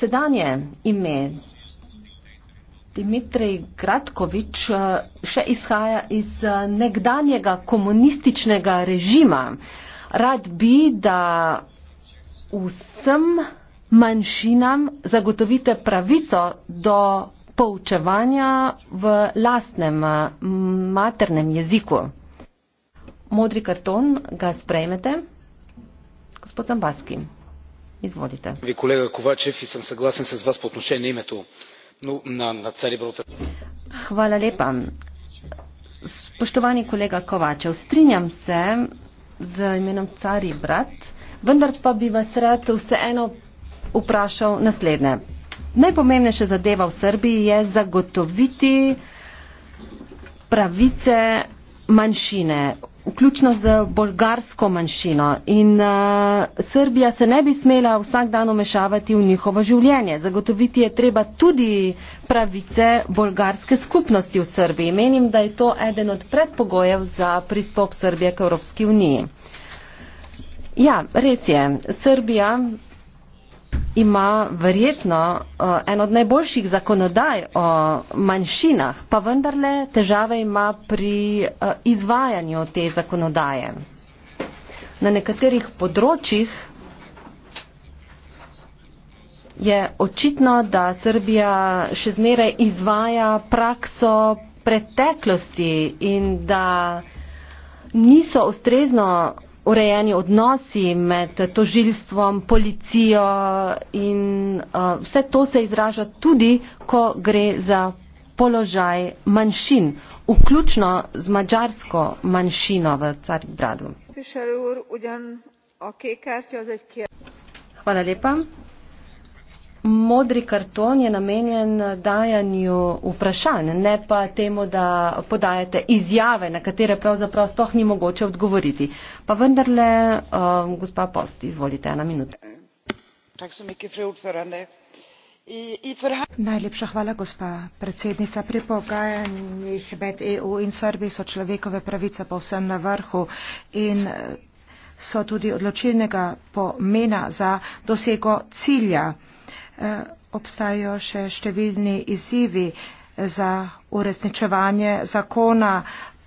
sedanje ime Dimitrij Gratkovič eh, še izhaja iz eh, nekdanjega komunističnega režima. Rad bi, da vsem manjšinam zagotovite pravico do poučevanja v lastnem maternem jeziku. Modri karton ga sprejmete. Gospod Zambaski, izvolite. Vi kolega Kovačev, sem soglasen se z vas po odnošenju imetu no, na, na Cerebrote. Hvala lepa. Spoštovani kolega Kovačev, strinjam se z imenom Cari brat, vendar pa bi vas rad vseeno vprašal naslednje. Najpomembnejša zadeva v Srbiji je zagotoviti pravice manjšine, vključno z bolgarsko manjšino. In uh, Srbija se ne bi smela vsak dan omešavati v njihovo življenje. Zagotoviti je treba tudi pravice bolgarske skupnosti v Srbiji. Menim, da je to eden od predpogojev za pristop Srbije k Evropski uniji. Ja, res je. Srbija ima verjetno uh, eno od najboljših zakonodaj o manjšinah, pa vendarle težave ima pri uh, izvajanju te zakonodaje. Na nekaterih področjih je očitno, da Srbija še zmeraj izvaja prakso preteklosti in da niso ustrezno urejeni odnosi med tožilstvom, policijo in uh, vse to se izraža tudi, ko gre za položaj manjšin, vključno z mađarsko manjšino v Carigradu. Hvala lepa. Modri karton je namenjen dajanju vprašanj, ne pa temu, da podajate izjave, na katere pravzaprav sploh ni mogoče odgovoriti. Pa vendarle, uh, gospa Post, izvolite ena minuta. Najlepša hvala, gospa predsednica. Pri pogajanjih med EU in Srbijo so človekove pravice povsem na vrhu in eh, so tudi odločilnega pomena za dosego cilja. Eh, obstajajo še številni izzivi za uresničevanje zakona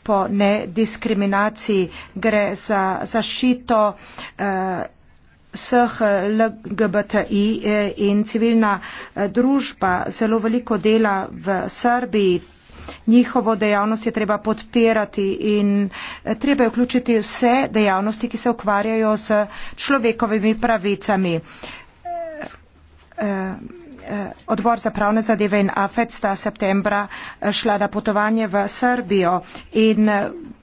po nediskriminaciji. Gre za zaščito eh, vseh LGBTI eh, in civilna družba zelo veliko dela v Srbiji. Njihovo dejavnost je treba podpirati in treba je vključiti vse dejavnosti, ki se ukvarjajo s človekovimi pravicami. Eh, eh, odbor za pravne zadeve in AFED sta septembra eh, šla na potovanje v Srbijo in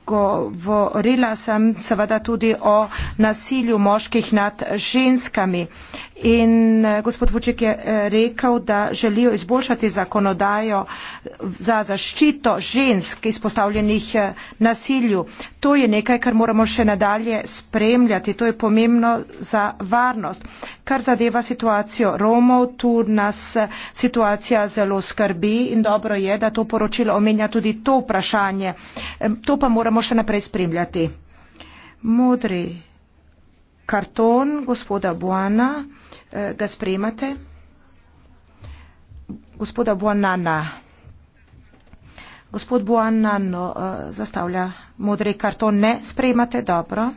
govorila sem seveda tudi o nasilju moških nad ženskami in eh, gospod Vučić je eh, rekel, da želijo izboljšati zakonodajo za zaščito žensk izpostavljenih eh, nasilju. To je nekaj, kar moramo še nadalje spremljati, to je pomembno za varnost. Kar zadeva situacijo Romov, tu nas situacija zelo skrbi in dobro je, da to poročilo omenja tudi to vprašanje. To pa moramo še naprej spremljati. Modri karton gospoda Buana. Eh, ga sprejmate? Gospoda Buanana. Gospod Buanano eh, zastavlja modri karton. Ne sprejmate? Dobro.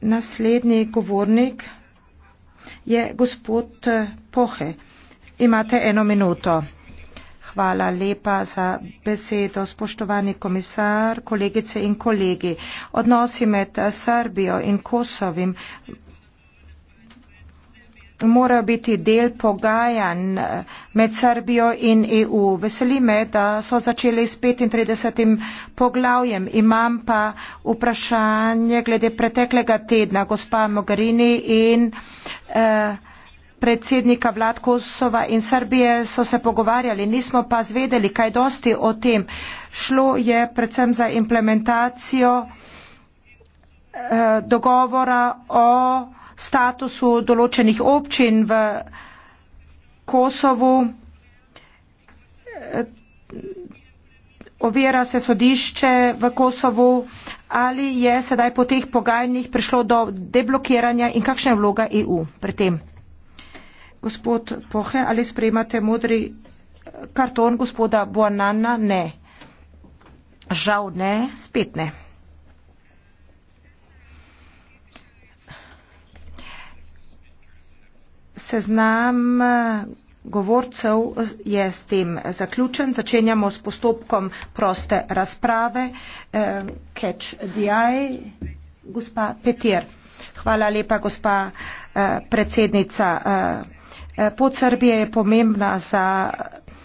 Naslednji govornik je gospod eh, Pohe. Imate eno minuto. Hvala lepa za besedo, spoštovani komisar, kolegice in kolegi. Odnosi med Srbijo in Kosovim morajo biti del pogajanj med Srbijo in EU. Veseli me, da so začeli s 35. poglavjem. Imam pa vprašanje glede preteklega tedna, gospa Mogherini in eh, predsednika vlad Kosova in Srbije so se pogovarjali, nismo pa zvedeli kaj dosti o tem. Šlo je predvsem za implementacijo eh, dogovora o statusu določenih občin v Kosovu. Eh, ovira se sodišče v Kosovu ali je sedaj po teh pogajanjih prišlo do deblokiranja in kakšna je vloga EU pri tem gospod Pohe, ali sprejmate modri eh, karton gospoda Buanana? Ne. Žal ne, spet ne. Seznam eh, govorcev eh, je s tem zaključen. Začenjamo s postopkom proste razprave. Catch the eye, gospa Petir. Hvala lepa, gospa predsednica. Eh, pot Srbije je pomembna za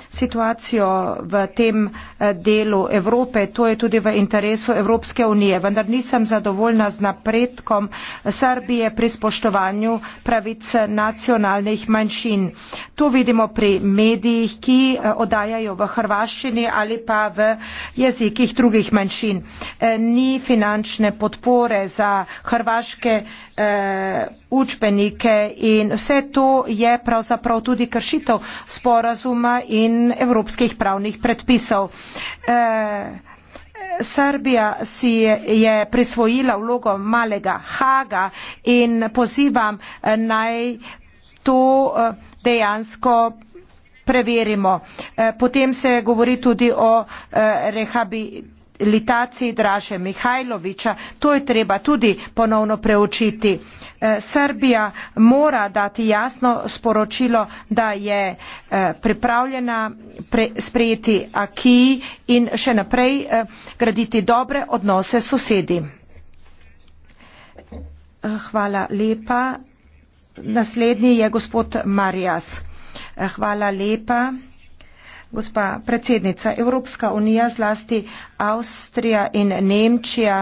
situacijo v tem eh, delu Evrope, to je tudi v interesu Evropske unije, vendar nisem zadovoljna z napredkom Srbije pri spoštovanju pravic nacionalnih manjšin. To vidimo pri medijih, ki eh, odajajo v hrvaščini ali pa v jezikih drugih manjšin. Ni finančne podpore za hrvaške eh, učbenike in vse to je pravzaprav tudi kršitev sporazuma in evropskih pravnih predpisov. E, Srbija si je prisvojila vlogo malega Haga in pozivam eh, naj to eh, dejansko preverimo. Potem se govori tudi o rehabilitaciji rehabilitaciji Draže Mihajlovića, to je treba tudi ponovno preučiti. E, Srbija mora dati jasno sporočilo, da je e, pripravljena sprejeti aki in še naprej e, graditi dobre odnose s sosedi. Hvala lepa. Naslednji je gospod Marijas. Hvala lepa gospa predsednica evropska unija zlasti avstrija in nemčija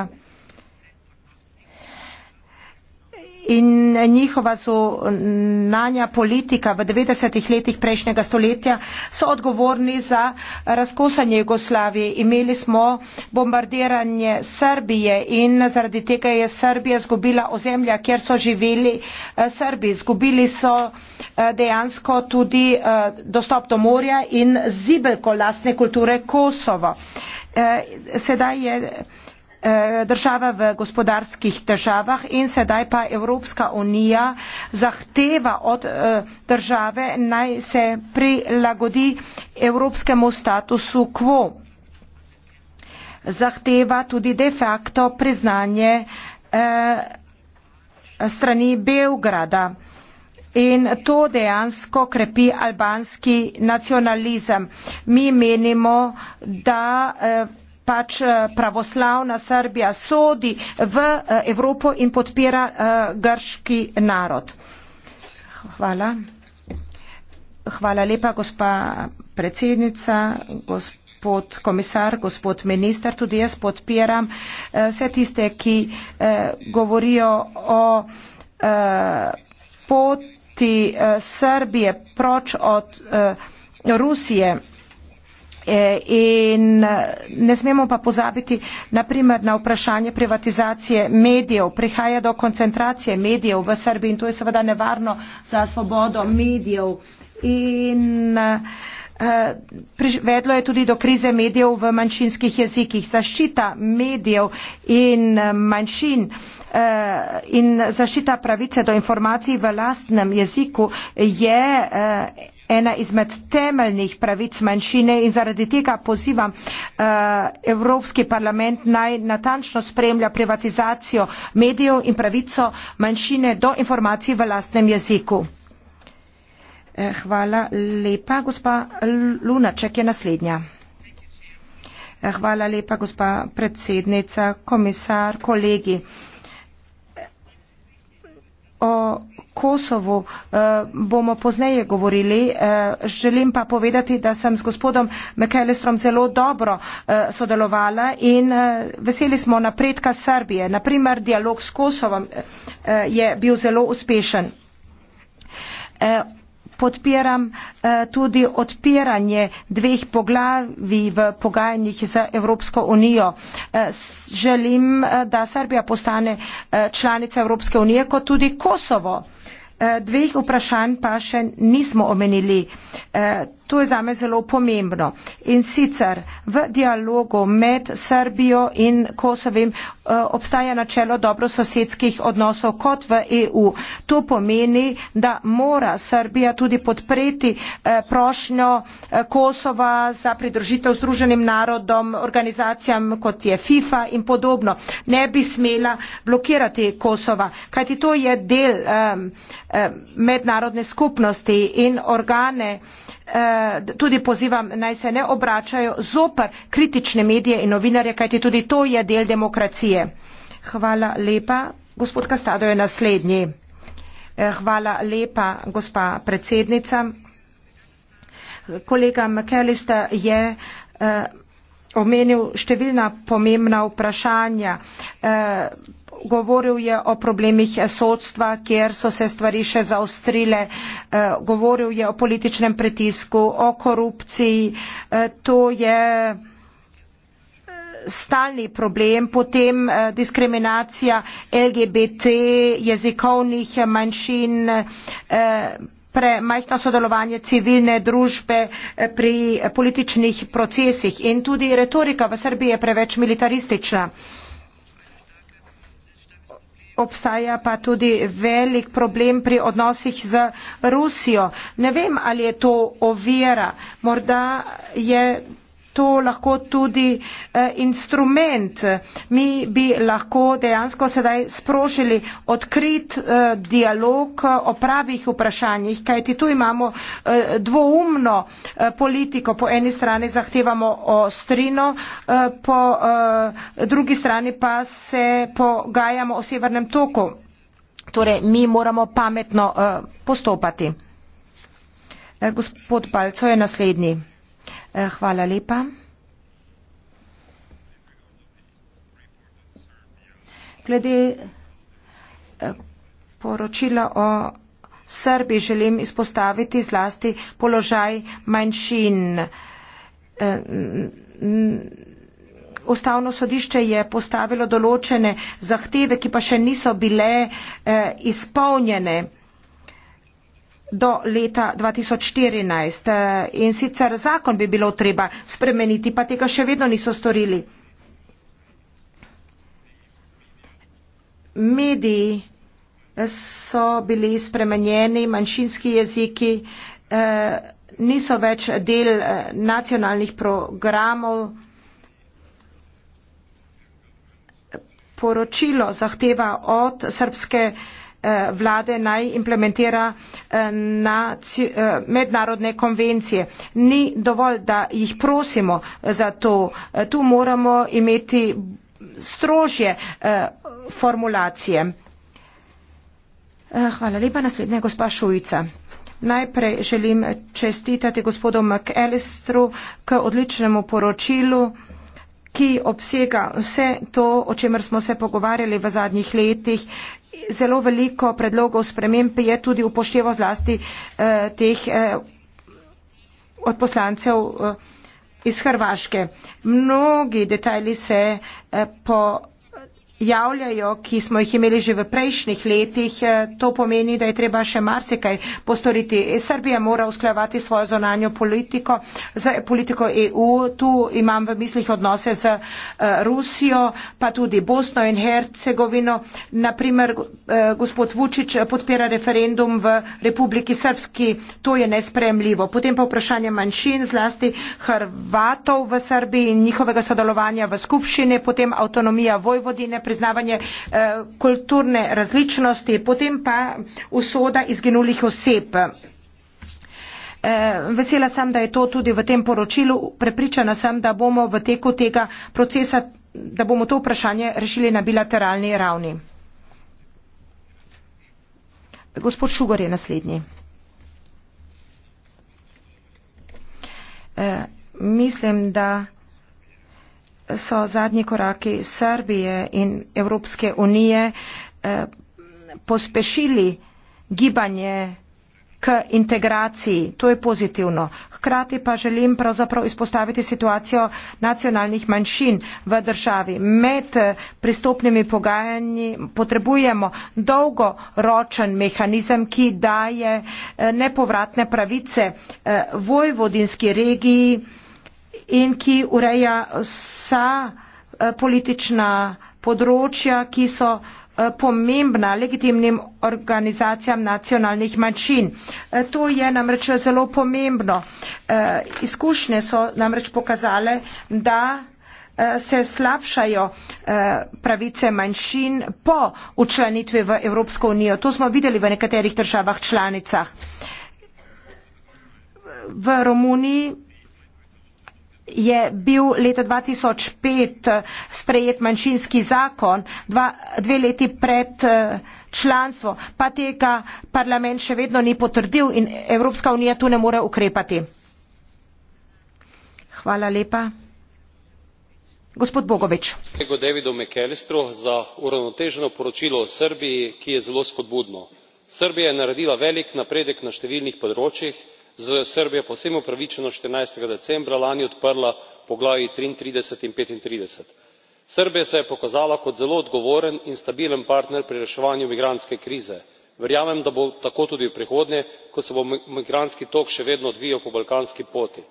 in njihova zunanja politika v 90-ih letih prejšnjega stoletja so odgovorni za razkosanje Jugoslavije. Imeli smo bombardiranje Srbije in zaradi tega je Srbija zgubila ozemlja, kjer so živeli eh, Srbi. Zgubili so eh, dejansko tudi eh, dostop do morja in zibelko lastne kulture Kosovo. Sedaj je Eh, država v gospodarskih težavah in sedaj pa Evropska unija zahteva od eh, države naj se prilagodi evropskemu statusu quo. Zahteva tudi de facto priznanje eh, strani Beograda in to dejansko krepi albanski nacionalizem. Mi menimo, da eh, pač eh, pravoslavna Srbija sodi v eh, Evropo in podpira eh, grški narod. Hvala. Hvala lepa, gospa predsednica, gospod komisar, gospod minister. Tudi jaz podpiram vse tiste, ki govorijo o poti Srbije proč od Rusije. E, in ne smemo pa pozabiti naprimer na vprašanje privatizacije medijev. Prihaja do koncentracije medijev v Srbiji in to je seveda nevarno za svobodo medijev. In e, privedlo je tudi do krize medijev v manjšinskih jezikih. Zaščita medijev in manjšin e, in zaščita pravice do informacij v lastnem jeziku je ena izmed temeljnih pravic manjšine in zaradi tega pozivam uh, Evropski parlament naj natančno spremlja privatizacijo medijev in pravico manjšine do informacij v lastnem jeziku. Eh, hvala lepa, gospa Lunaček je naslednja. Eh, hvala lepa, gospa predsednica, komisar, kolegi. O Kosovu eh, bomo pozneje govorili. Eh, želim pa povedati, da sem z gospodom Mekelestrom zelo dobro eh, sodelovala in veseli smo napredka Srbije. Naprimer, dialog s Kosovom je bil zelo uspešen. Podpiram tudi odpiranje dveh poglavij v pogajanjih z Evropsko unijo. Želim, da Srbija postane članica Evropske unije, kot tudi Kosovo. Eh, dveh vprašanj pa še nismo omenili. Eh, To je zame zelo pomembno. In sicer v dialogu med Srbijo in Kosovim eh, obstaja načelo dobrososedskih odnosov kot v EU. To pomeni, da mora Srbija tudi podpreti eh, prošnjo eh, Kosova za pridružitev Združenim narodom, organizacijam kot je FIFA in podobno. Ne bi smela blokirati Kosova, kajti to je del mednarodne skupnosti in organe, Eh, tudi pozivam naj se ne obračajo zoper kritične medije in novinarje kajti tudi to je del demokracije hvala lepa gospod kastado je naslednji eh, hvala lepa gospa predsednica kolega mckellister je uh, omenil številna pomembna vprašanja. Eh, govoril je o problemih sodstva, kjer so se stvari še zaostrile, eh, govoril je o političnem pritisku, o korupciji. Eh, to je stalni problem, potem diskriminacija LGBT, jezikovnih manjšin, premajhno sodelovanje civilne družbe eh, pri političnih procesih in tudi retorika v Srbiji je preveč militaristična. Obstaja pa tudi velik problem pri odnosih z Rusijo. Ne vem, ali je to ovira. Morda je to lahko tudi eh, instrument. Mi bi lahko dejansko sedaj sprožili odkrit eh, dialog o pravih vprašanjih, kajti tu imamo eh, dvoumno eh, politiko. Po eni strani zahtevamo ostrino, eh, po eh, drugi strani pa se pogajamo o severnem toku. Torej, mi moramo pametno eh, postopati. Eh, gospod Palco je naslednji. Eh, hvala lepa. Glede eh, poročila o Srbiji želim izpostaviti zlasti položaj manjšin. Eh, ustavno sodišče je postavilo določene zahteve, ki pa še niso bile izpolnjene do leta 2014 eh, in sicer zakon bi bilo treba spremeniti, pa tega še vedno niso storili. Mediji so bili spremenjeni, manjšinski jeziki eh, niso več del eh, nacionalnih programov. Poročilo zahteva od srpske Eh, vlade naj implementira eh, na eh, mednarodne konvencije. Ni dovolj, da jih prosimo za to. Tu moramo imeti strožje formulacije. Hvala lepa. Naslednja je gospa Šujica. Najprej želim čestitati gospodu McAllistru k odličnemu poročilu, ki obsega vse to, o čemer smo se pogovarjali v zadnjih letih zelo veliko predlogov sprememb je tudi upošteval zlasti eh, teh eh, od poslancev eh, iz Hrvaške. Mnogi detajli se eh, po javljajo, ki smo jih imeli že v prejšnjih letih, eh, to pomeni, da je treba še marsikaj postoriti. Srbija mora usklajevati svojo zonanjo politiko z politiko EU. Tu imam v mislih odnose z eh, Rusijo, pa tudi Bosno in Hercegovino. Naprimer, eh, gospod Vučić podpira referendum v Republiki Srpski, to je nespremljivo. Potem pa vprašanje manjšin, zlasti Hrvatov v Srbiji in njihovega sodelovanja v skupščini, potem avtonomija Vojvodine priznavanje eh, kulturne različnosti, potem pa usoda izginulih oseb. Eh, vesela sem, da je to tudi v tem poročilu. Prepričana sem, da bomo v teku tega procesa, da bomo to vprašanje rešili na bilateralni ravni. Gospod Šugor je naslednji. Eh, mislim, da so zadnji koraki Srbije in Evropske unije eh, pospešili gibanje k integraciji. To je pozitivno. Hkrati pa želim pravzaprav izpostaviti situacijo nacionalnih manjšin v državi. Med eh, pristopnimi pogajanji potrebujemo dolgoročen mehanizem, ki daje eh, nepovratne pravice vojvodinski regiji, in ki ureja vsa eh, politična področja, ki so eh, pomembna legitimnim organizacijam nacionalnih manjšin. Eh, to je namreč zelo pomembno. Izkušnje so namreč pokazale, da se slabšajo pravice manjšin po učlanitvi v Evropsko unijo. To smo videli v nekaterih državah članicah. V Romuniji je bil leta 2005 sprejet manjšinski zakon, dva, dve leti pred eh, članstvo, pa tega parlament še vedno ni potrdil in Evropska unija tu ne more ukrepati. Hvala lepa. Gospod Bogovič. Hvala Davidu Mekelistru za uravnoteženo poročilo o Srbiji, ki je zelo spodbudno. Srbija je naredila velik napredek na številnih področjih, srbija povsem upravičeno štirinajst decembra lani odprla poglavji triintrideset in. petintrideset srbija se je pokazala kot zelo odgovoren in stabilen partner pri reševanju migrantske krize. verjamem da bo tako tudi v prihodnje ko se bo migrantski tok še vedno odvijal po balkanski poti.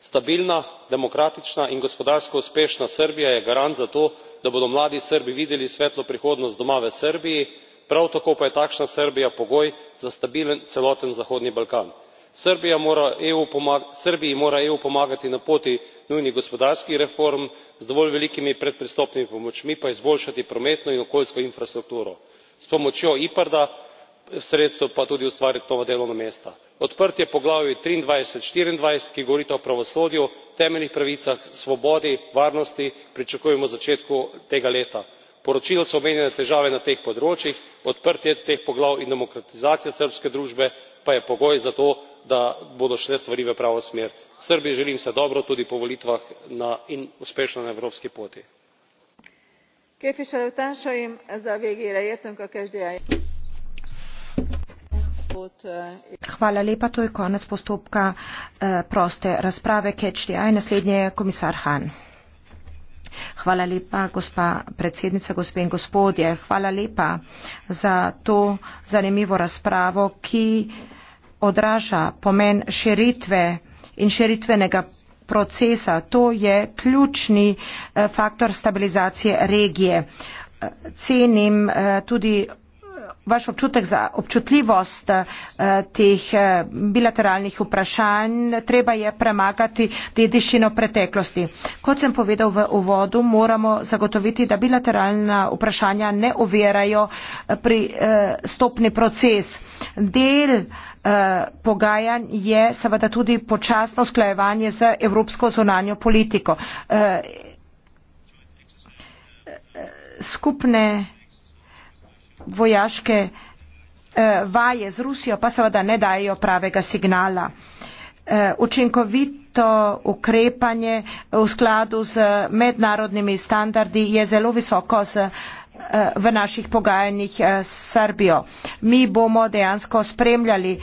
stabilna demokratična in gospodarsko uspešna srbija je garant za to da bodo mladi srbi videli svetlo prihodnost doma v srbiji prav tako pa je takšna srbija pogoj za stabilen celoten zahodni balkan. E srbiji mora eu pomagati na poti nujnih gospodarskih reform z dovolj velikimi predpristopnimi pomočmi pa izboljšati prometno in okoljsko infrastrukturo s pomočjo iprda sredstev pa tudi ustvariti nova delovna mesta. odprtje poglavij triindvajset štiriindvajset ki govorita o pravosodju temeljnih pravicah svobodi varnosti pričakujem v začetku tega leta poročilu so omenjene težave na teh področjih odprtje teh poglav in demokratizacija srbske družbe pa je pogoj za to da bodo šle stvari v pravo smer. srbiji želim vse dobro tudi po volitvah in uspešno na evropski poti. Hvala lepa, gospa predsednica, gospe in gospodje. Hvala lepa za to zanimivo razpravo, ki odraža pomen širitve in širitvenega procesa. To je ključni eh, faktor stabilizacije regije. Eh, cenim eh, tudi vaš občutek za občutljivost eh, teh eh, bilateralnih vprašanj, treba je premagati dediščino preteklosti. Kot sem povedal v uvodu, moramo zagotoviti, da bilateralna vprašanja ne ovirajo eh, pri stopni proces. Del pogajanj je seveda tudi počasno usklajevanje z evropsko zonanjo politiko. Skupne vojaške eh, vaje z Rusijo pa seveda ne dajo pravega signala. Eh, učinkovito ukrepanje v skladu z mednarodnimi standardi je zelo visoko z, eh, v naših pogajanjih s Srbijo. Mi bomo dejansko spremljali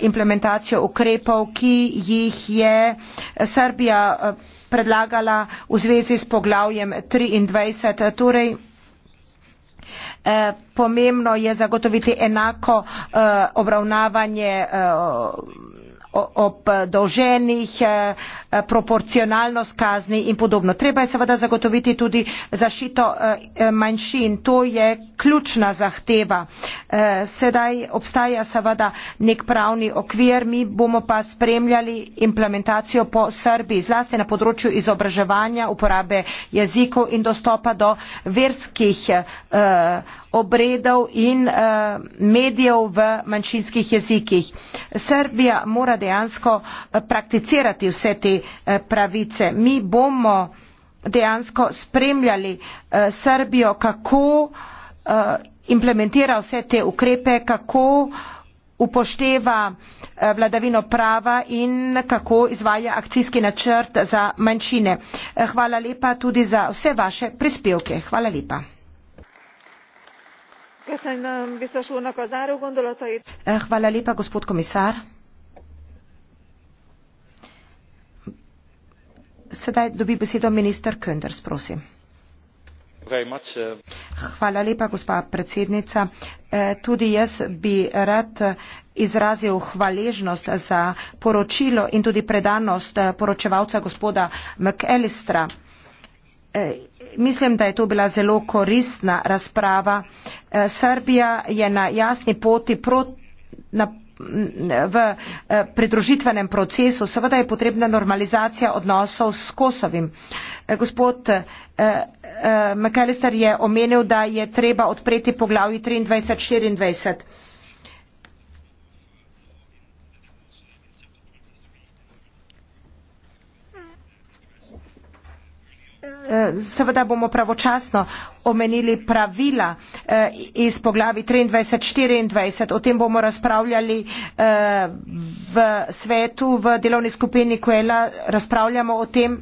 implementacijo ukrepov, ki jih je Srbija predlagala v zvezi s poglavjem 23. Torej, Eh, pomembno je zagotoviti enako eh, obravnavanje eh, obdolženih, eh, eh, proporcionalnost kazni in podobno. Treba je seveda zagotoviti tudi zaščito eh, manjšin. To je ključna zahteva. Sedaj obstaja seveda nek pravni okvir, mi bomo pa spremljali implementacijo po Srbiji, zlasti na področju izobraževanja, uporabe jezikov in dostopa do verskih obredov in eh, medijev v manjšinskih jezikih. Srbija mora dejansko eh, prakticirati vse te eh, pravice. Mi bomo dejansko spremljali Srbijo, kako implementira vse te ukrepe, kako upošteva vladavino prava in kako izvaja akcijski načrt za manjšine. Hvala lepa tudi za vse vaše prispevke. Hvala lepa. Eh, hvala lepa, gospod komisar. Sedaj dobi besedo minister Könders, prosim. Hvala lepa, gospa predsednica. Eh, tudi jaz bi rad eh, izrazil hvaležnost za poročilo in tudi predanost poročevalca gospoda McAllistra. Eh, mislim, da je to bila zelo koristna razprava. Eh, Srbija je na jasni poti prot, na, v eh, pridružitvenem procesu. Seveda je potrebna normalizacija odnosov s Kosovim. Gospod McAllister je omenil, da je treba odpreti poglavje 23-24. Eh, seveda bomo pravočasno omenili pravila eh, iz poglavi 23-24. O tem bomo razpravljali eh, v svetu, v delovni skupini Kuela. Razpravljamo o tem.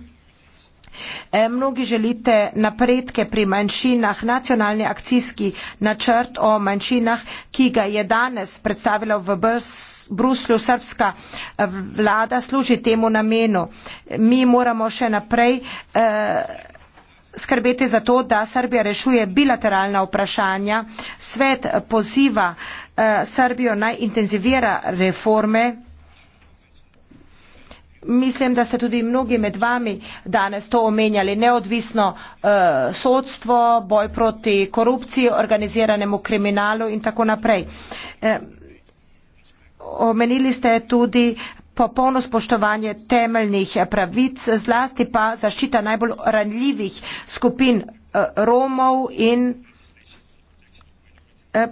Mnogi želite napredke pri manjšinah, nacionalni akcijski načrt o manjšinah, ki ga je danes predstavila v Bruslju srpska vlada, služi temu namenu. Mi moramo še naprej. Eh, skrbeti za to, da Srbija rešuje bilateralna vprašanja. Svet poziva eh, Srbijo naj intenzivira reforme. Mislim, da ste tudi mnogi med vami danes to omenjali. Neodvisno uh, sodstvo, boj proti korupciji, organiziranemu kriminalu in tako naprej. Uh, omenili ste tudi popolno spoštovanje temeljnih pravic, zlasti pa zaščita najbolj ranljivih skupin eh, Romov in eh,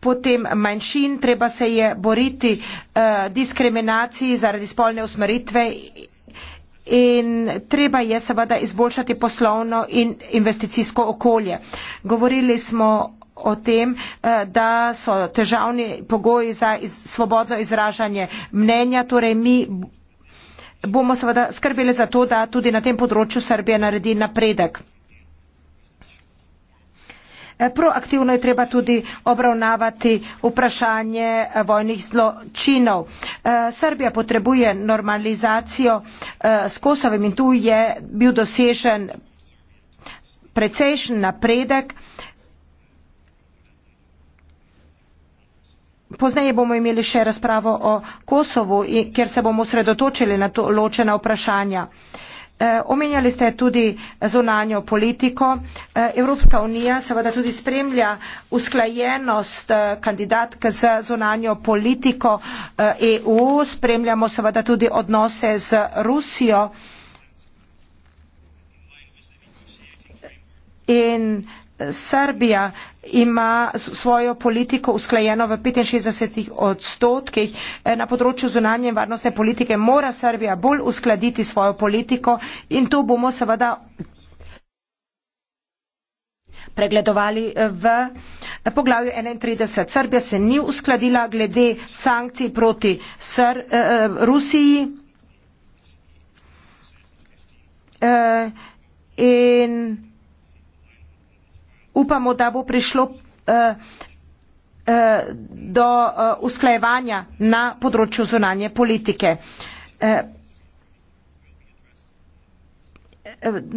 potem manjšin. Treba se je boriti eh, diskriminaciji zaradi spolne usmeritve in treba je seveda izboljšati poslovno in investicijsko okolje. Govorili smo o tem, eh, da so težavni pogoji za svobodno izražanje mnenja. Torej, mi bomo seveda skrbeli za to, da tudi na tem področju Srbija naredi napredek. Eh, proaktivno je treba tudi obravnavati vprašanje eh, vojnih zločinov. Srbija potrebuje normalizacijo s Kosovem in tu je bil dosežen precejšen napredek. Pozneje bomo imeli še razpravo o Kosovu, kjer se bomo osredotočili na to ločena vprašanja. E, omenjali ste tudi zunanjo politiko. E, Evropska unija seveda tudi spremlja usklajenost e, kandidatk z zunanjo politiko e, EU, spremljamo seveda tudi odnose z Rusijo. In Srbija ima svojo politiko usklajeno v 65 odstotkih. E, na področju zunanje in varnostne politike mora Srbija bolj uskladiti svojo politiko in to bomo seveda pregledovali e, v e, poglavju 31. Srbija se ni uskladila glede sankcij proti Sr Rusiji. E, in upamo, da bo prišlo uh, uh, do uh, usklajevanja na področju zunanje politike. Uh,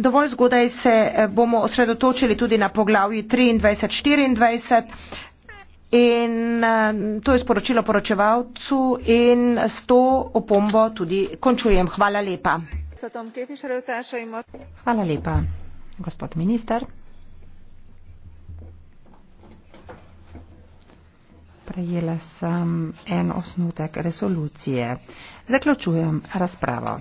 Dovolj zgodaj se bomo osredotočili tudi na poglavji 23-24 in to je sporočilo poročevalcu in s to opombo tudi končujem. Hvala lepa. Hvala lepa, gospod minister. Prejela sem en osnutek resolucije. Zaključujem razpravo.